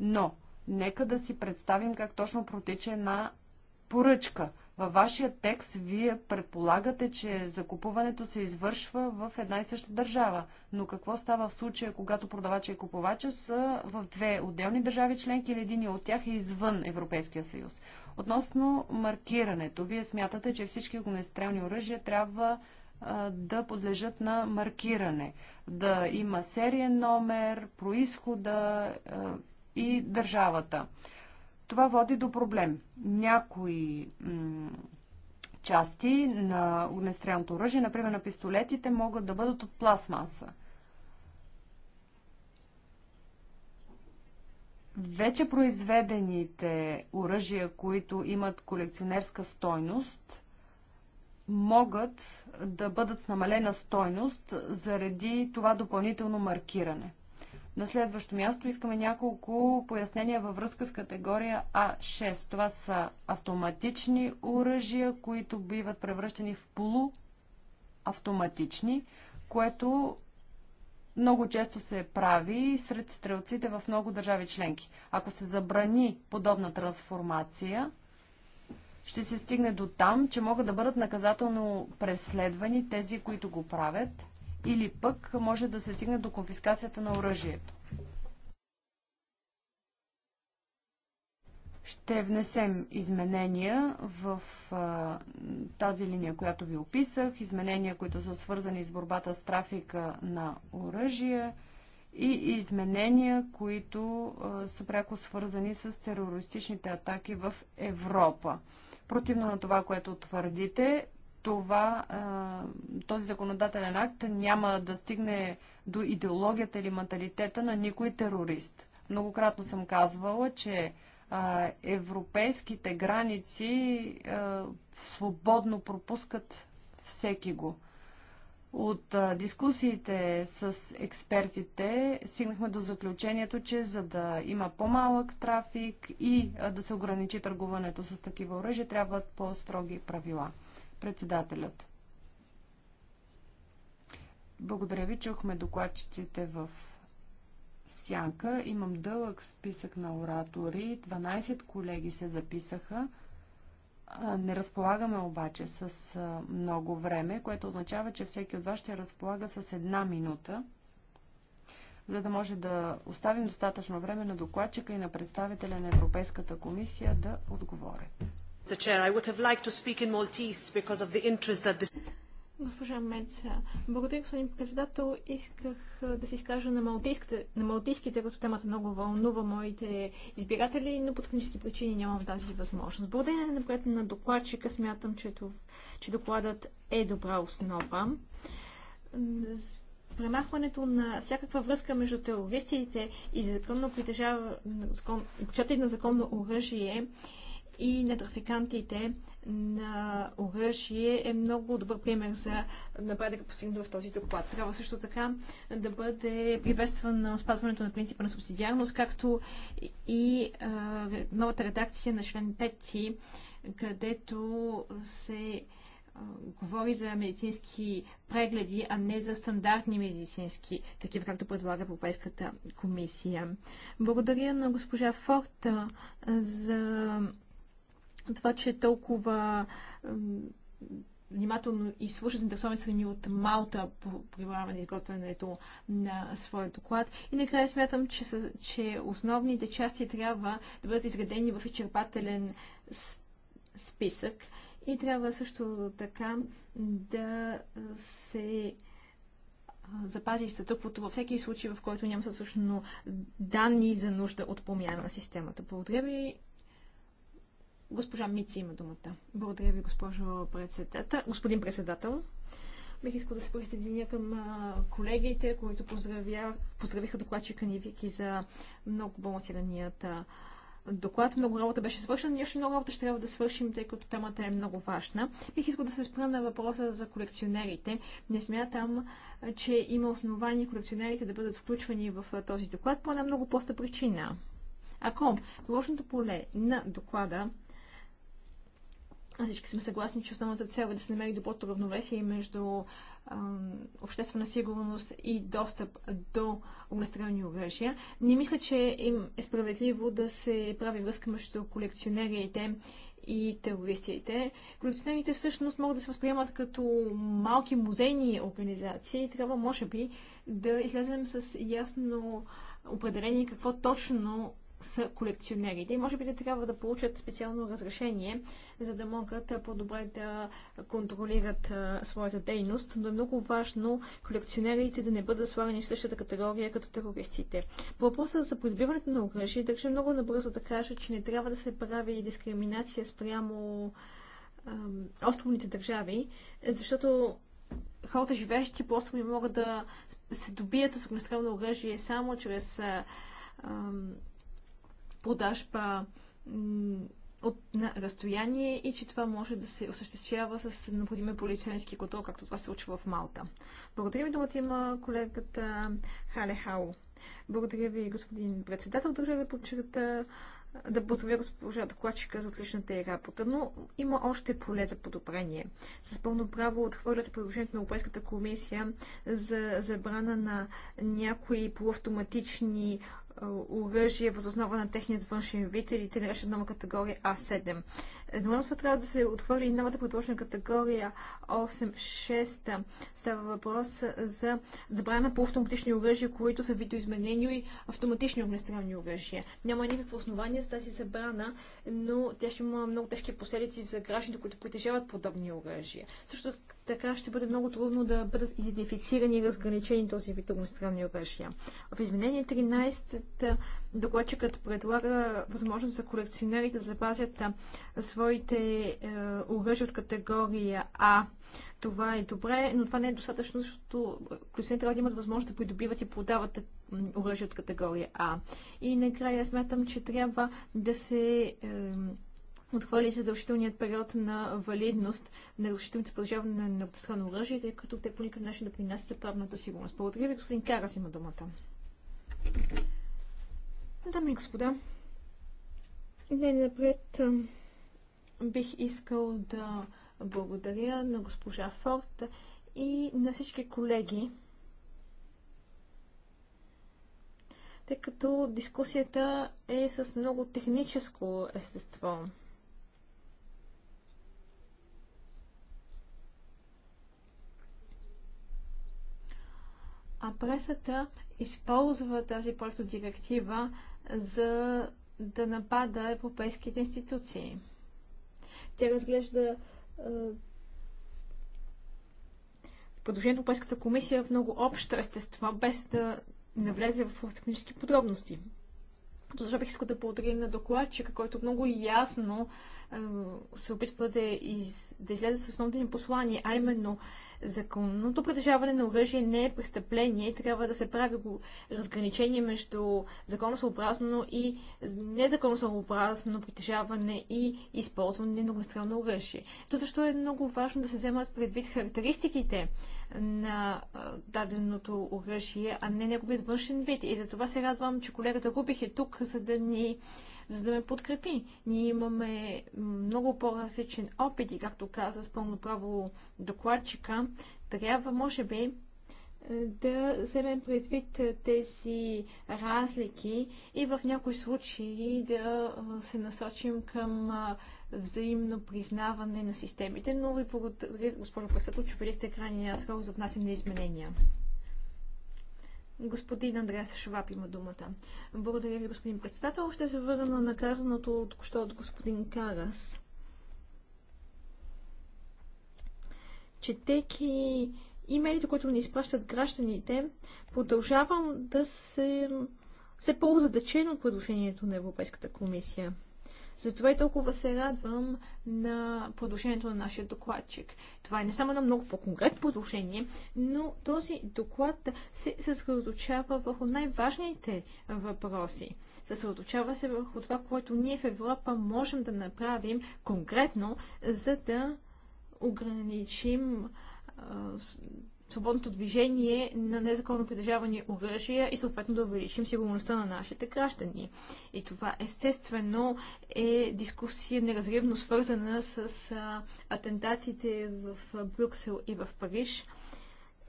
Но, нека да си представим как точно протича на поръчка – във вашия текст вие предполагате, че закупуването се извършва в една и съща държава. Но какво става в случая, когато продавача и купувача са в две отделни държави членки или един от тях е извън Европейския съюз? Относно маркирането, вие смятате, че всички огнестрелни оръжия трябва да подлежат на маркиране. Да има сериен номер, происхода и държавата. Това води до проблем. Някои части на огнестрелното оръжие, например на пистолетите, могат да бъдат от пластмаса. Вече произведените оръжия, които имат колекционерска стойност, могат да бъдат с намалена стойност заради това допълнително маркиране. На следващо място искаме няколко пояснения във връзка с категория А6. Това са автоматични оръжия, които биват превръщани в полуавтоматични, което много често се прави сред стрелците в много държави членки. Ако се забрани подобна трансформация, ще се стигне до там, че могат да бъдат наказателно преследвани тези, които го правят – или пък може да се стигне до конфискацията на оръжието. ще внесем изменения в а, тази линия, която ви описах, изменения, които са свързани с борбата с трафика на оръжие и изменения, които а, са пряко свързани с терористичните атаки в Европа. Противно на това, което твърдите, това, този законодателен акт няма да стигне до идеологията или менталитета на никой терорист. Многократно съм казвала, че европейските граници свободно пропускат всеки го. От дискусиите с експертите стигнахме до заключението, че за да има по-малък трафик и да се ограничи търгуването с такива оръжия, трябват по-строги правила. Председателят. Благодаря ви, чухме докладчиците в сянка. Имам дълъг списък на оратори. 12 колеги се записаха. Не разполагаме обаче с много време, което означава, че всеки от вас ще разполага с една минута, за да може да оставим достатъчно време на докладчика и на представителя на Европейската комисия да отговорят. Госпожа Меца, благодаря, господин председател. Исках да се изкажа на малтийските, на малтийски, тъй като темата много вълнува моите избиратели, но по технически причини нямам тази възможност. на напред на докладчика смятам, че, че докладът е добра основа. Премахването на всякаква връзка между терористите и законно притежава, закон, на законно оръжие и на трафикантите на оръжие е много добър пример за напредъка постигнат в този доклад. Трябва също така да бъде приветствано спазването на принципа на субсидиарност, както и а, новата редакция на член 5, където се а, говори за медицински прегледи, а не за стандартни медицински, такива както предлага Европейската комисия. Благодаря на госпожа Форта за това, че е толкова внимателно и слуша заинтересовани страни от Малта по прилагане на изготвянето на своя доклад. И накрая смятам, че, че основните части трябва да бъдат изградени в изчерпателен списък и трябва също така да се запази статъквото във всеки случай, в който няма достатъчно данни за нужда от помяна на системата. Благодаря ви. Госпожа Мици има думата. Благодаря ви, госпожо председател. Господин председател, бих искал да се присъединя към колегите, които поздравя, поздравиха докладчика ни Вики за много балансираният доклад. Много работа беше свършена, ние още много работа ще трябва да свършим, тъй като темата е много важна. Бих искал да се спра на въпроса за колекционерите. Не смятам, че има основания колекционерите да бъдат включвани в този доклад по една много проста причина. Ако приложното поле на доклада всички сме съгласни, че основната цел е да се намери доброто равновесие между обществена сигурност и достъп до огнестрелни оръжия. Не мисля, че им е справедливо да се прави връзка между колекционерите и терористите. Колекционерите всъщност могат да се възприемат като малки музейни организации. Трябва, може би, да излезем с ясно определение какво точно са колекционерите и може би те трябва да получат специално разрешение, за да могат по-добре да контролират своята дейност, но е много важно колекционерите да не бъдат слагани в същата категория като терористите. По въпроса за придобиването на оръжие, държа много набързо да кажа, че не трябва да се прави дискриминация спрямо ам, островните държави, защото хората, живеещи по острови, могат да се добият с огнестрелно оръжие само чрез ам, продажба от, на разстояние и че това може да се осъществява с необходимия полицейски контрол, както това се случва в Малта. Благодаря ви, думата има колегата Хале Хао. Благодаря ви, господин председател. Държа да подчерта да поздравя госпожа докладчика за отличната й работа, но има още поле за подобрение. С пълно право отхвърляте предложението на Европейската комисия за забрана на някои полуавтоматични оръжие въз основа на техният външен вид или те наричат нова категория А7. Едновременно трябва да се отхвърли и новата подложна категория 8-6. Става въпрос за забрана по автоматични оръжия, които са видоизменени и автоматични огнестрелни оръжия. Няма никакво основание за тази забрана, но тя ще има много тежки последици за гражданите, които притежават подобни оръжия. Също така ще бъде много трудно да бъдат идентифицирани и разграничени този вид огнестрелни оръжия. В изменение 13 докладчикът предлага възможност за колекционерите да запазят своя своите оръжи е, от категория А. Това е добре, но това не е достатъчно, защото плюсите трябва да имат възможност да придобиват и продават оръжие е, от категория А. И накрая смятам, че трябва да се е, отхвали задължителният период на валидност на разрешителните продължаване на огнестрелно оръжие, тъй като те по никакъв начин да принасят за правната сигурност. Благодаря ви, господин Карас има думата. Дами и господа, не напред Бих искал да благодаря на госпожа Форд и на всички колеги, тъй като дискусията е с много техническо естество. а пресата използва тази проектодиректива за да напада европейските институции. Тя разглежда предложението на Европейската комисия в много общо естество, без да навлезе в технически подробности. Защо бих искал да благодаря на докладчика, който много ясно се опитва да, из, да излезе с основното ни послание, а именно законното притежаване на оръжие не е престъпление, трябва да се прави разграничение между законосъобразно и незаконосъобразно притежаване и използване на огнестрелно оръжие. То защо е много важно да се вземат предвид характеристиките на даденото оръжие, а не неговият външен вид. И затова се радвам, че колегата Рубих е тук, за да ни за да ме подкрепи. Ние имаме много по-различен опит и, както каза с пълно право докладчика, трябва, може би, да вземем предвид тези разлики и в някои случаи да се насочим към взаимно признаване на системите. Но ви благодаря, госпожо Председател, че видяхте крайния срок за внасяне на изменения. Господин Андреас Шваб има думата. Благодаря ви, господин председател. Ще се върна на казаното от, от господин Карас. Четейки имейлите, които ни изпращат гражданите, продължавам да се, се по от предложението на Европейската комисия. Затова и толкова се радвам на продължението на нашия докладчик. Това е не само на много по-конкретно продължение, но този доклад се съсредоточава върху най-важните въпроси. Съсредоточава се върху това, което ние в Европа можем да направим конкретно, за да ограничим свободното движение на незаконно притежавани оръжия и съответно да увеличим сигурността на нашите граждани. И това естествено е дискусия неразривно свързана с а, атентатите в Брюксел и в Париж.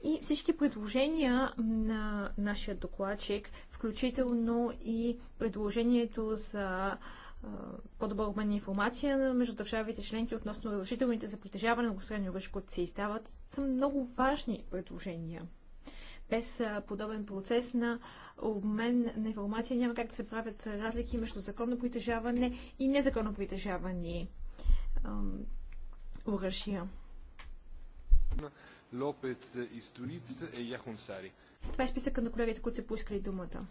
И всички предложения на нашия докладчик, включително и предложението за по-добър обмен на информация между държавите членки относно разрешителните за притежаване на огнестрелни оръжия, които се издават, са много важни предложения. Без подобен процес на обмен на информация няма как да се правят разлики между законно притежаване и незаконно притежавани оръжия. Лопец Истуриц и е Яхунсари. Това е списъка на колегите, които са поискали думата.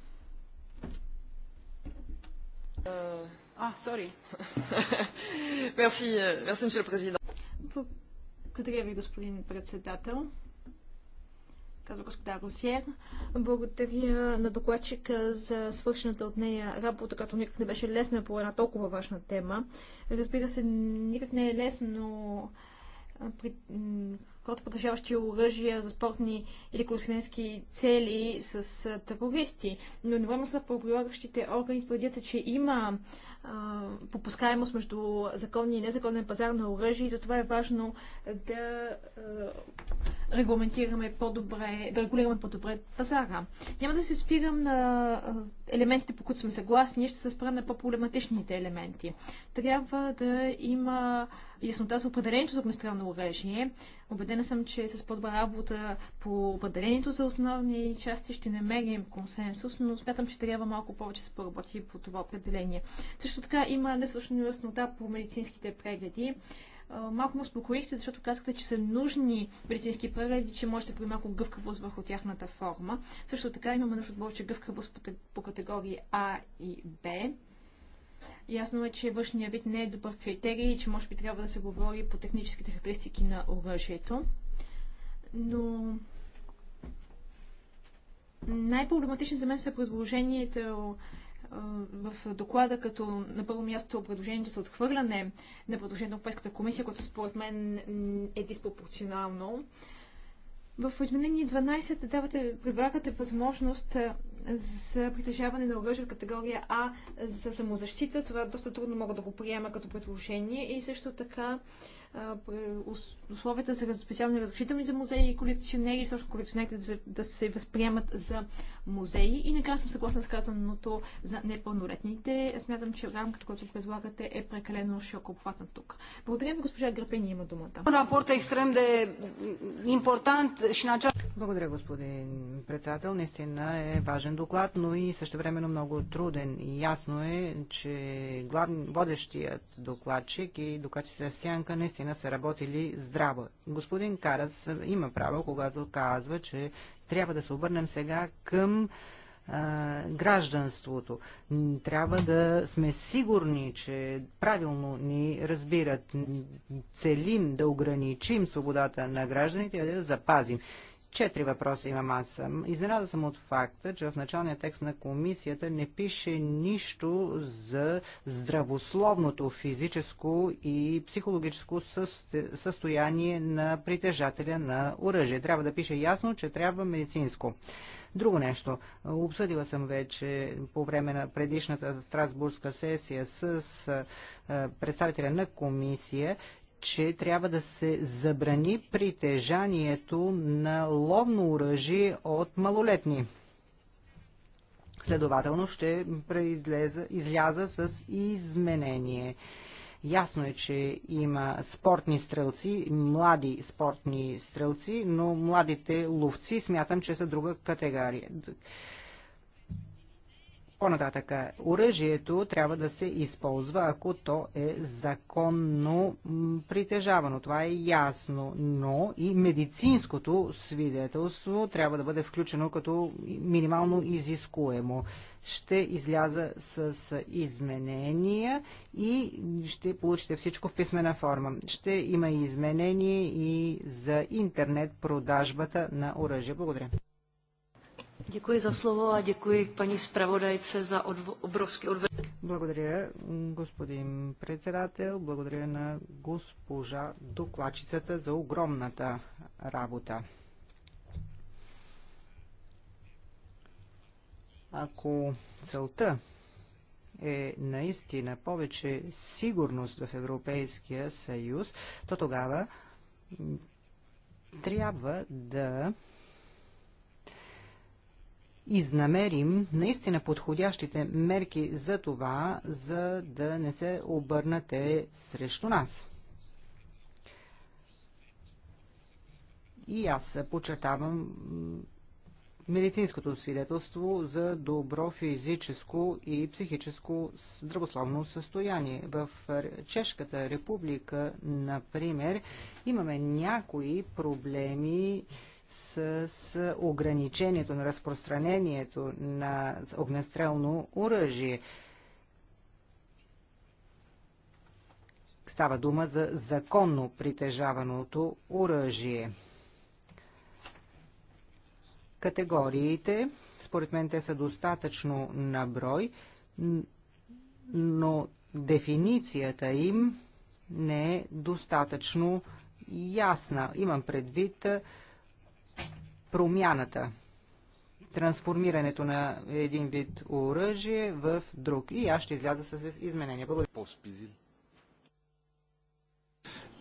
Uh... А, ah, сори. Euh, Благодаря ви, господин председател. Казва господа Русиер. Благодаря на докладчика за свършената от нея работа, като никак не беше лесна по една толкова важна тема. Разбира се, никак не е лесно при хората, притежаващи оръжия за спортни или колесински цели с терористи. Но едновременно с правоприлагащите органи твърдят, че има попускаемост между законния и незаконен пазар на оръжие и затова е важно да регламентираме по-добре, да регулираме по-добре пазара. Няма да се спирам на елементите, по които сме съгласни, ще се спрем на по-проблематичните елементи. Трябва да има яснота за определението за огнестрелно оръжие. Обедена съм, че с по-добра работа по определението за основни части ще намерим консенсус, но смятам, че трябва малко повече се поработи по това определение. Също така има недостатъчно яснота по медицинските прегледи малко ме успокоихте, защото казахте, че са нужни медицински прегледи, че може да се малко гъвкавост върху тяхната форма. Също така имаме нужда от повече гъвкавост по категории А и Б. Ясно е, че външния вид не е добър критерий и че може би трябва да се говори по техническите характеристики на оръжието. Но най-проблематични за мен са предложението в доклада, като на първо място предложението за отхвърляне на предложението на Европейската комисия, което според мен е диспропорционално. В изменение 12 давате, предлагате възможност за притежаване на оръжие в категория А за самозащита. Това доста трудно мога да го приема като предложение. И също така условията за специални разрешителни за музеи и колекционери, също колекционерите да се възприемат за музеи. И накрая съм съгласна с казаното за непълнолетните. Смятам, че рамката, която предлагате, е прекалено широко обхватна тук. Благодаря ви, госпожа Грапени има думата. Рапорта е импортант. Благодаря, господин председател. Наистина е важен доклад, но и също времено много труден. И ясно е, че главен, водещият докладчик и докладчик Сянка наистина наистина са работили здраво. Господин Карас има право, когато казва, че трябва да се обърнем сега към гражданството. Трябва да сме сигурни, че правилно ни разбират. Целим да ограничим свободата на гражданите, а да запазим. Четири въпроса имам аз съм. Изненада съм от факта, че в началния текст на комисията не пише нищо за здравословното физическо и психологическо състояние на притежателя на оръжие. Трябва да пише ясно, че трябва медицинско. Друго нещо. Обсъдила съм вече по време на предишната Страсбургска сесия с представителя на комисия, че трябва да се забрани притежанието на ловно оръжие от малолетни. Следователно ще изляза с изменение. Ясно е, че има спортни стрелци, млади спортни стрелци, но младите ловци смятам, че са друга категория. По-нататък, оръжието трябва да се използва, ако то е законно притежавано. Това е ясно, но и медицинското свидетелство трябва да бъде включено като минимално изискуемо. Ще изляза с изменения и ще получите всичко в писмена форма. Ще има и изменение и за интернет продажбата на оръжие. Благодаря. Děkuji slovo a děkuji paní za odv... obrovský Благодаря, господин председател. Благодаря на госпожа докладчицата за огромната работа. Ако целта е наистина повече сигурност в Европейския съюз, то тогава трябва да изнамерим наистина подходящите мерки за това, за да не се обърнате срещу нас. И аз подчертавам медицинското свидетелство за добро физическо и психическо здравословно състояние. В Чешката република, например, имаме някои проблеми, с ограничението на разпространението на огнестрелно оръжие. Става дума за законно притежаваното оръжие. Категориите, според мен те са достатъчно на брой, но дефиницията им не е достатъчно ясна. Имам предвид промяната, трансформирането на един вид оръжие в друг. И аз ще изляза с изменения. Благодаря.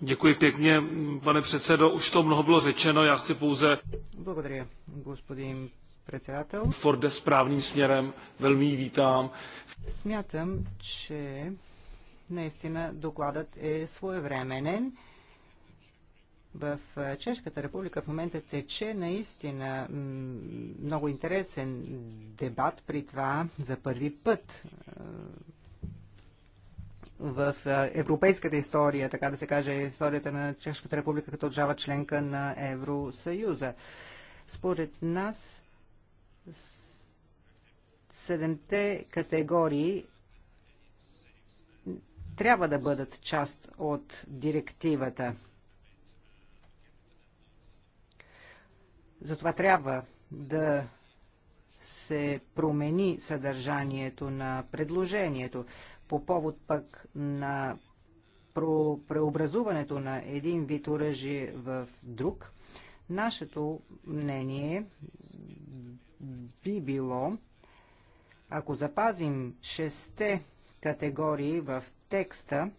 Děkuji pěkně, pane předsedo. Už to mnoho bylo řečeno, já chci pouze... Благодаря, господин председател. Форде správným směrem, velmi ji vítám. Смятам, че наистина докладът е своевременен в Чешката република в момента тече наистина много интересен дебат при това за първи път в европейската история, така да се каже, историята на Чешката република като държава членка на Евросъюза. Според нас седемте категории трябва да бъдат част от директивата. Затова трябва да се промени съдържанието на предложението. По повод пък на преобразуването на един вид оръжие в друг, нашето мнение би било, ако запазим шесте категории в текста,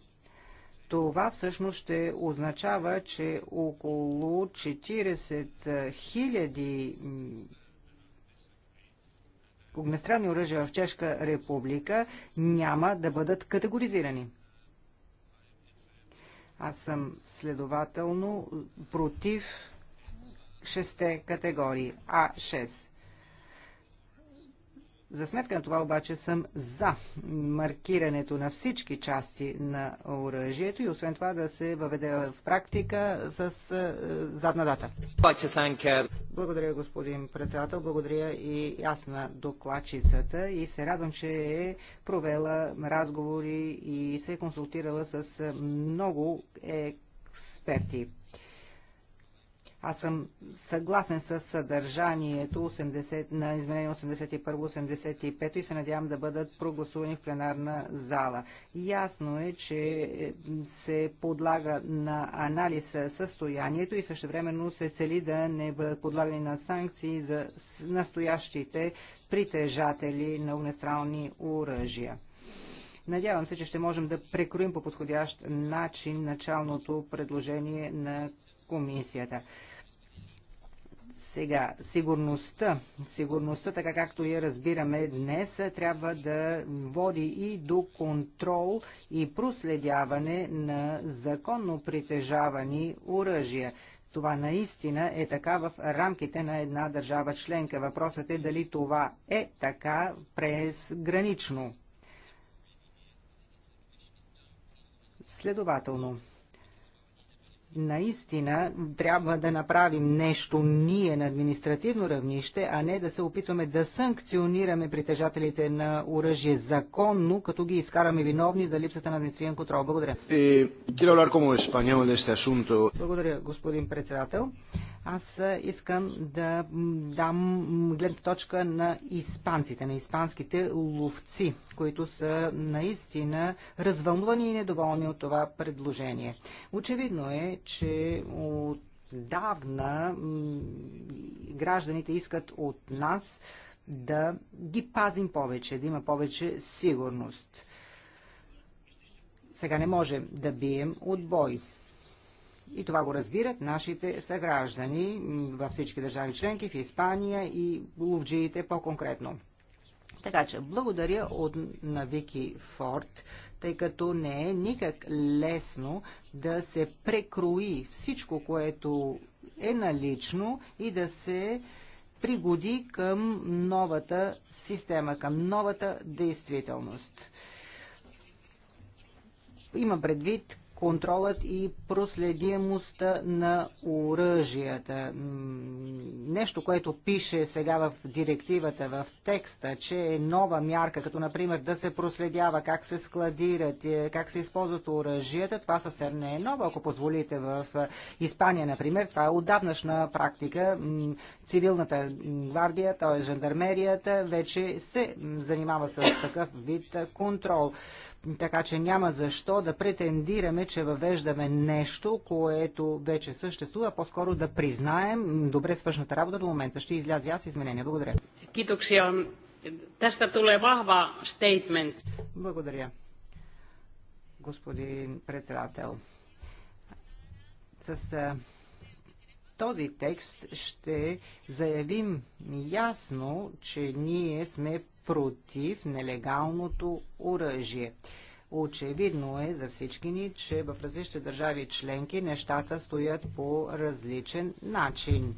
това всъщност ще означава, че около 40 000 огнестрелни оръжия в Чешка република няма да бъдат категоризирани. Аз съм следователно против шесте категории А6 за сметка на това обаче съм за маркирането на всички части на оръжието и освен това да се въведе в практика с е, задна дата. Е, Благодаря, господин председател. Благодаря и аз на докладчицата и се радвам, че е провела разговори и се е консултирала с много експерти. Аз съм съгласен с съдържанието 80, на изменение 81-85 и се надявам да бъдат прогласувани в пленарна зала. Ясно е, че е, се подлага на анализ е, състоянието и същевременно се цели да не бъдат подлагани на санкции за настоящите притежатели на огнестрални оръжия. Надявам се, че ще можем да прекроим по подходящ начин началното предложение на комисията. Сега, сигурността, сигурността, така както я разбираме днес, трябва да води и до контрол и проследяване на законно притежавани оръжия. Това наистина е така в рамките на една държава членка. Въпросът е дали това е така през гранично. Следователно, наистина трябва да направим нещо ние на административно равнище, а не да се опитваме да санкционираме притежателите на оръжие законно, като ги изкараме виновни за липсата на административен контрол. Благодаря. Е, Благодаря, господин председател. Аз искам да дам гледна точка на испанците, на испанските ловци, които са наистина развълнувани и недоволни от това предложение. Очевидно е, че отдавна гражданите искат от нас да ги пазим повече, да има повече сигурност. Сега не можем да бием отбой. И това го разбират нашите съграждани във всички държави членки, в Испания и ловджиите по-конкретно. Така че благодаря от, на Вики Форд, тъй като не е никак лесно да се прекрои всичко, което е налично и да се пригоди към новата система, към новата действителност. Има предвид контролът и проследимостта на оръжията. Нещо, което пише сега в директивата, в текста, че е нова мярка, като например да се проследява как се складират, е, как се използват оръжията, това съвсем не е ново. Ако позволите в е, Испания, например, това е отдавнашна практика. Цивилната гвардия, т.е. жандармерията, вече се занимава с такъв вид контрол така че няма защо да претендираме, че въвеждаме нещо, което вече съществува, по-скоро да признаем добре свършната работа до момента. Ще изляза аз изменения. Благодаря. Благодаря, господин председател. С този текст ще заявим ясно, че ние сме против нелегалното оръжие. Очевидно е за всички ни, че в различни държави членки нещата стоят по различен начин.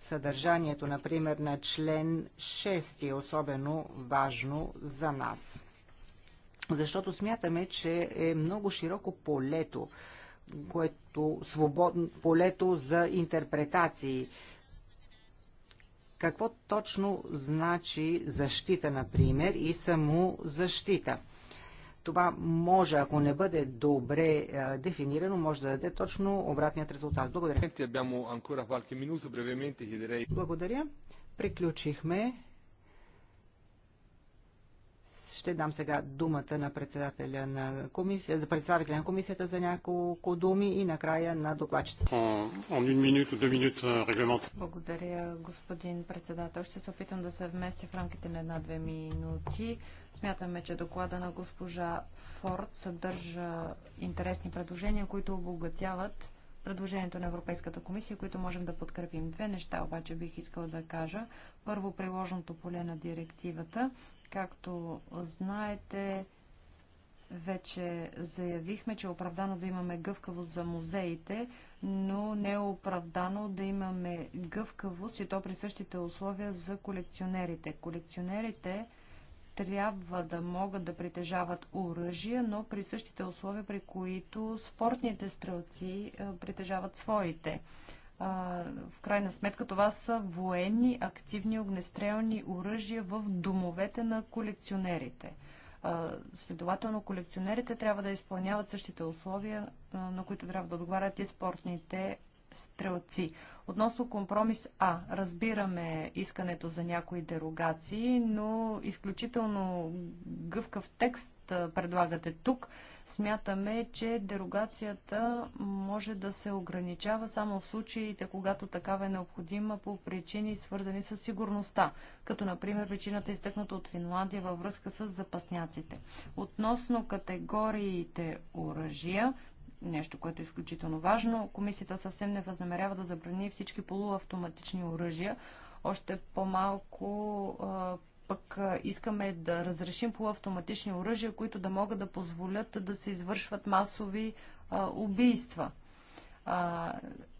Съдържанието, например, на член 6 е особено важно за нас, защото смятаме, че е много широко полето, което свободно полето за интерпретации какво точно значи защита, например, и само защита? Това може, ако не бъде добре а, дефинирано, може да даде точно обратният резултат. Благодаря. Благодаря. Приключихме ще дам сега думата на председателя на комисия, за представителя на комисията за няколко думи и накрая на докладчица. Благодаря, господин председател. Ще се опитам да се вместя в рамките на една-две минути. Смятаме, че доклада на госпожа Форд съдържа интересни предложения, които обогатяват предложението на Европейската комисия, които можем да подкрепим. Две неща обаче бих искала да кажа. Първо, приложното поле на директивата. Както знаете, вече заявихме, че е оправдано да имаме гъвкавост за музеите, но не е оправдано да имаме гъвкавост и то при същите условия за колекционерите. Колекционерите трябва да могат да притежават оръжия, но при същите условия, при които спортните стрелци е, притежават своите в крайна сметка това са военни активни огнестрелни оръжия в домовете на колекционерите. Следователно, колекционерите трябва да изпълняват същите условия, на които трябва да отговарят и спортните стрелци. Относно компромис А, разбираме искането за някои дерогации, но изключително гъвкав текст предлагате тук. Смятаме, че дерогацията може да се ограничава само в случаите, когато такава е необходима по причини свързани с сигурността, като например причината е изтъкната от Финландия във връзка с запасняците. Относно категориите оръжия, нещо, което е изключително важно. Комисията съвсем не възнамерява да забрани всички полуавтоматични оръжия, още по-малко пък искаме да разрешим полуавтоматични оръжия, които да могат да позволят да се извършват масови убийства.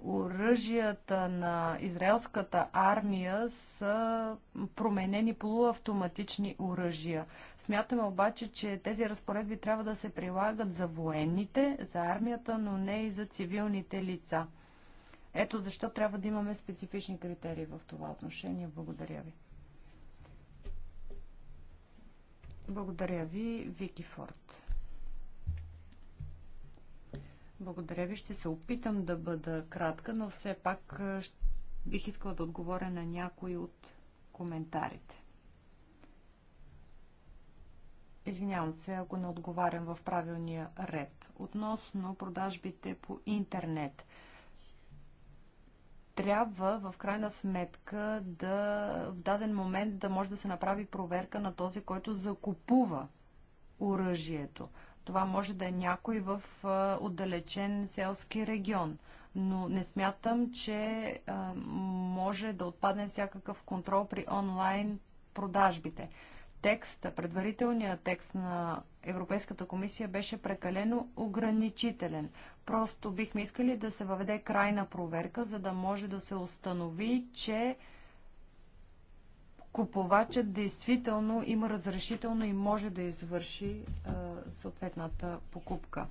оръжията на израелската армия са променени полуавтоматични оръжия. Смятаме обаче, че тези разпоредби трябва да се прилагат за военните, за армията, но не и за цивилните лица. Ето защо трябва да имаме специфични критерии в това отношение. Благодаря ви. Благодаря ви, Вики Форд. Благодаря ви. Ще се опитам да бъда кратка, но все пак бих искала да отговоря на някои от коментарите. Извинявам се, ако не отговарям в правилния ред. Относно продажбите по интернет – трябва в крайна сметка да в даден момент да може да се направи проверка на този, който закупува оръжието. Това може да е някой в отдалечен селски регион. Но не смятам, че може да отпадне всякакъв контрол при онлайн продажбите. Текста, предварителният текст на Европейската комисия беше прекалено ограничителен. Просто бихме искали да се въведе крайна проверка, за да може да се установи, че купувачът действително има разрешително и може да извърши е, съответната покупка.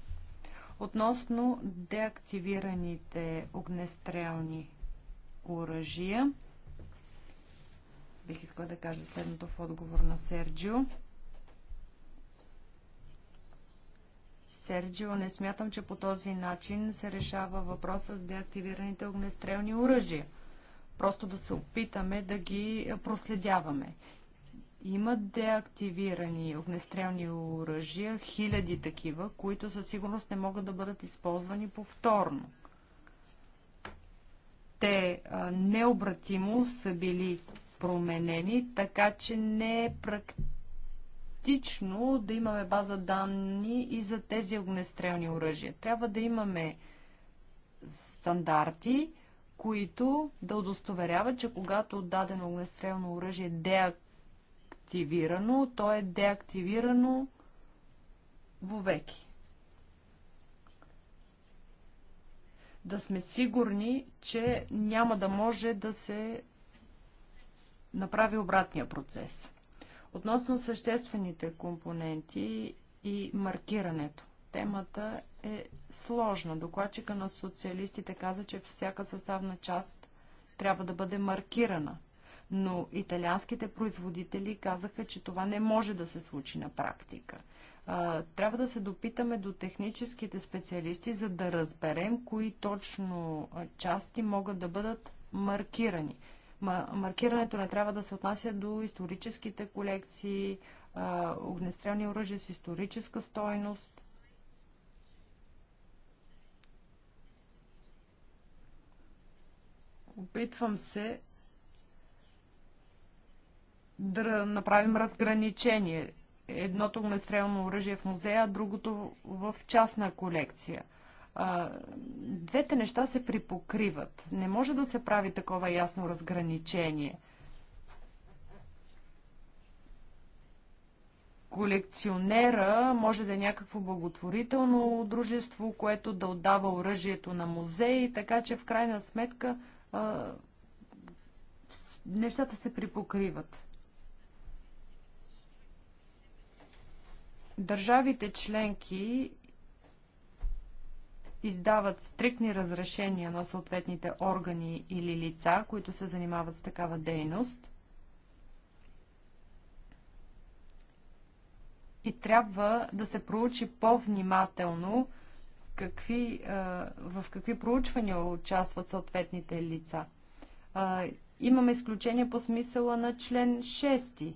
Относно деактивираните огнестрелни оръжия, бих искала да кажа следното в отговор на Серджио. Серджио, не смятам, че по този начин се решава въпроса с деактивираните огнестрелни оръжия. Просто да се опитаме да ги проследяваме. Има деактивирани огнестрелни оръжия, хиляди такива, които със сигурност не могат да бъдат използвани повторно. Те а, необратимо са били променени, така че не е практично реалистично да имаме база данни и за тези огнестрелни оръжия. Трябва да имаме стандарти, които да удостоверяват, че когато дадено огнестрелно оръжие е деактивирано, то е деактивирано вовеки. Да сме сигурни, че няма да може да се направи обратния процес. Относно съществените компоненти и маркирането. Темата е сложна. Докладчика на социалистите каза, че всяка съставна част трябва да бъде маркирана. Но италианските производители казаха, че това не може да се случи на практика. Трябва да се допитаме до техническите специалисти, за да разберем кои точно части могат да бъдат маркирани маркирането не трябва да се отнася до историческите колекции, огнестрелни оръжия с историческа стойност. Опитвам се да направим разграничение. Едното огнестрелно оръжие в музея, а другото в частна колекция – двете неща се припокриват. Не може да се прави такова ясно разграничение. Колекционера може да е някакво благотворително дружество, което да отдава оръжието на музеи, така че в крайна сметка а, нещата се припокриват. Държавите членки издават стриктни разрешения на съответните органи или лица, които се занимават с такава дейност. И трябва да се проучи по-внимателно какви, в какви проучвания участват съответните лица. Имаме изключение по смисъла на член 6.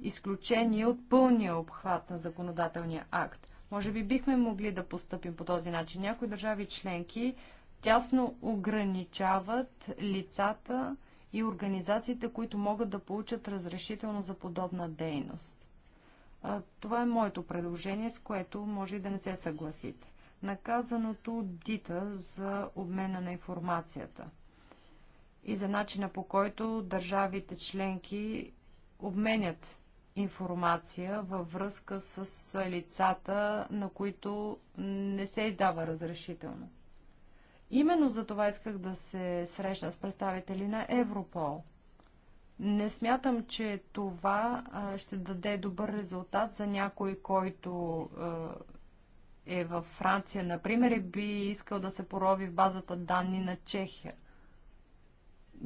Изключение от пълния обхват на законодателния акт. Може би бихме могли да поступим по този начин. Някои държави членки тясно ограничават лицата и организациите, които могат да получат разрешително за подобна дейност. Това е моето предложение, с което може и да не се съгласите. Наказаното дита за обмена на информацията и за начина по който държавите членки обменят информация във връзка с лицата, на които не се издава разрешително. Именно за това исках да се срещна с представители на Европол. Не смятам, че това а, ще даде добър резултат за някой, който а, е във Франция, например, и би искал да се порови в базата данни на Чехия.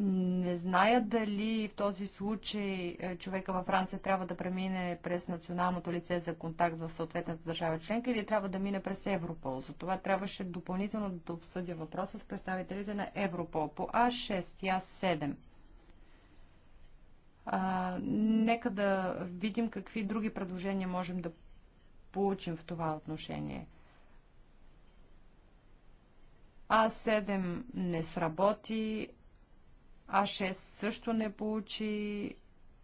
Не зная дали в този случай е, човека във Франция трябва да премине през националното лице за контакт в съответната държава членка или трябва да мине през Европол. За това трябваше допълнително да обсъдя въпроса с представителите на Европол по А6 и А7. А, нека да видим какви други предложения можем да получим в това отношение. А7 не сработи, а6 също не получи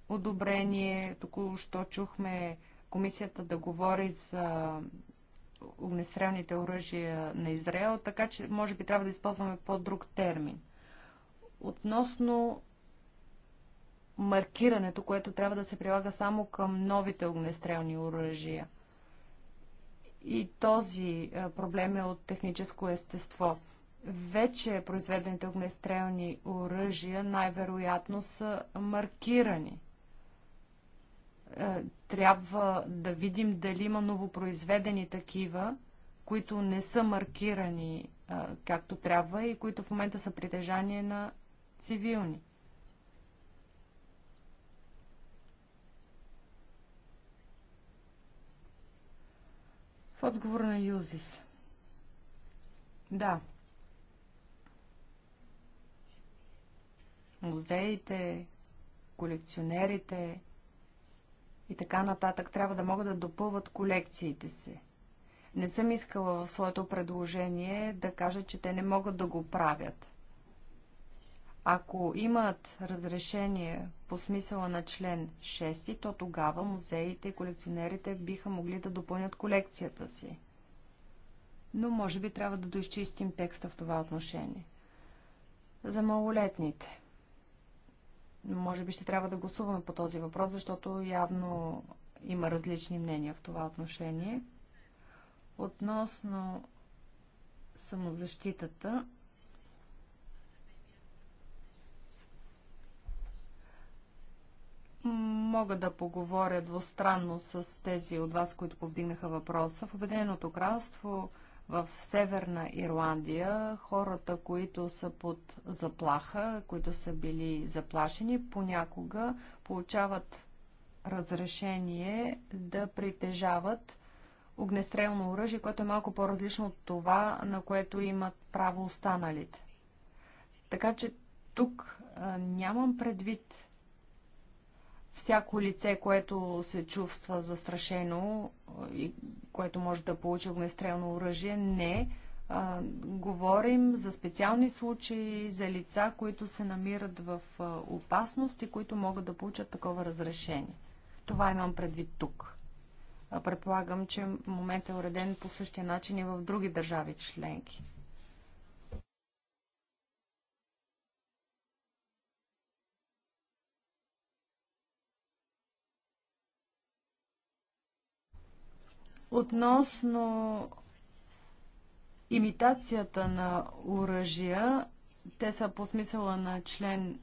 одобрение. Току-що чухме комисията да говори за огнестрелните оръжия на Израел, така че може би трябва да използваме по-друг термин. Относно маркирането, което трябва да се прилага само към новите огнестрелни оръжия. И този проблем е от техническо естество вече произведените огнестрелни оръжия най-вероятно са маркирани. Е, трябва да видим дали има новопроизведени такива, които не са маркирани е, както трябва и които в момента са притежание на цивилни. В отговор на Юзис. Да, музеите, колекционерите и така нататък трябва да могат да допълват колекциите си. Не съм искала в своето предложение да кажа, че те не могат да го правят. Ако имат разрешение по смисъла на член 6, то тогава музеите и колекционерите биха могли да допълнят колекцията си. Но може би трябва да доизчистим текста в това отношение. За малолетните – може би ще трябва да гласуваме по този въпрос, защото явно има различни мнения в това отношение. Относно самозащитата, мога да поговоря двустранно с тези от вас, които повдигнаха въпроса. В Обединеното кралство в Северна Ирландия хората, които са под заплаха, които са били заплашени, понякога получават разрешение да притежават огнестрелно оръжие, което е малко по-различно от това, на което имат право останалите. Така че тук а, нямам предвид всяко лице, което се чувства застрашено и което може да получи огнестрелно оръжие, не. А, говорим за специални случаи, за лица, които се намират в опасност и които могат да получат такова разрешение. Това имам предвид тук. Предполагам, че момент е уреден по същия начин и в други държави членки. Относно имитацията на оръжия, те са по смисъла на член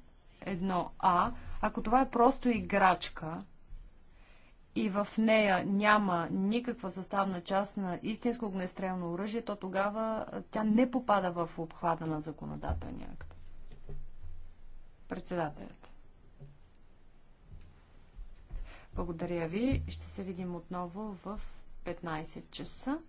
1А. Ако това е просто играчка и в нея няма никаква съставна част на истинско огнестрелно оръжие, то тогава тя не попада в обхвата на законодателния акт. Председателят. Благодаря ви. Ще се видим отново в 15 часа.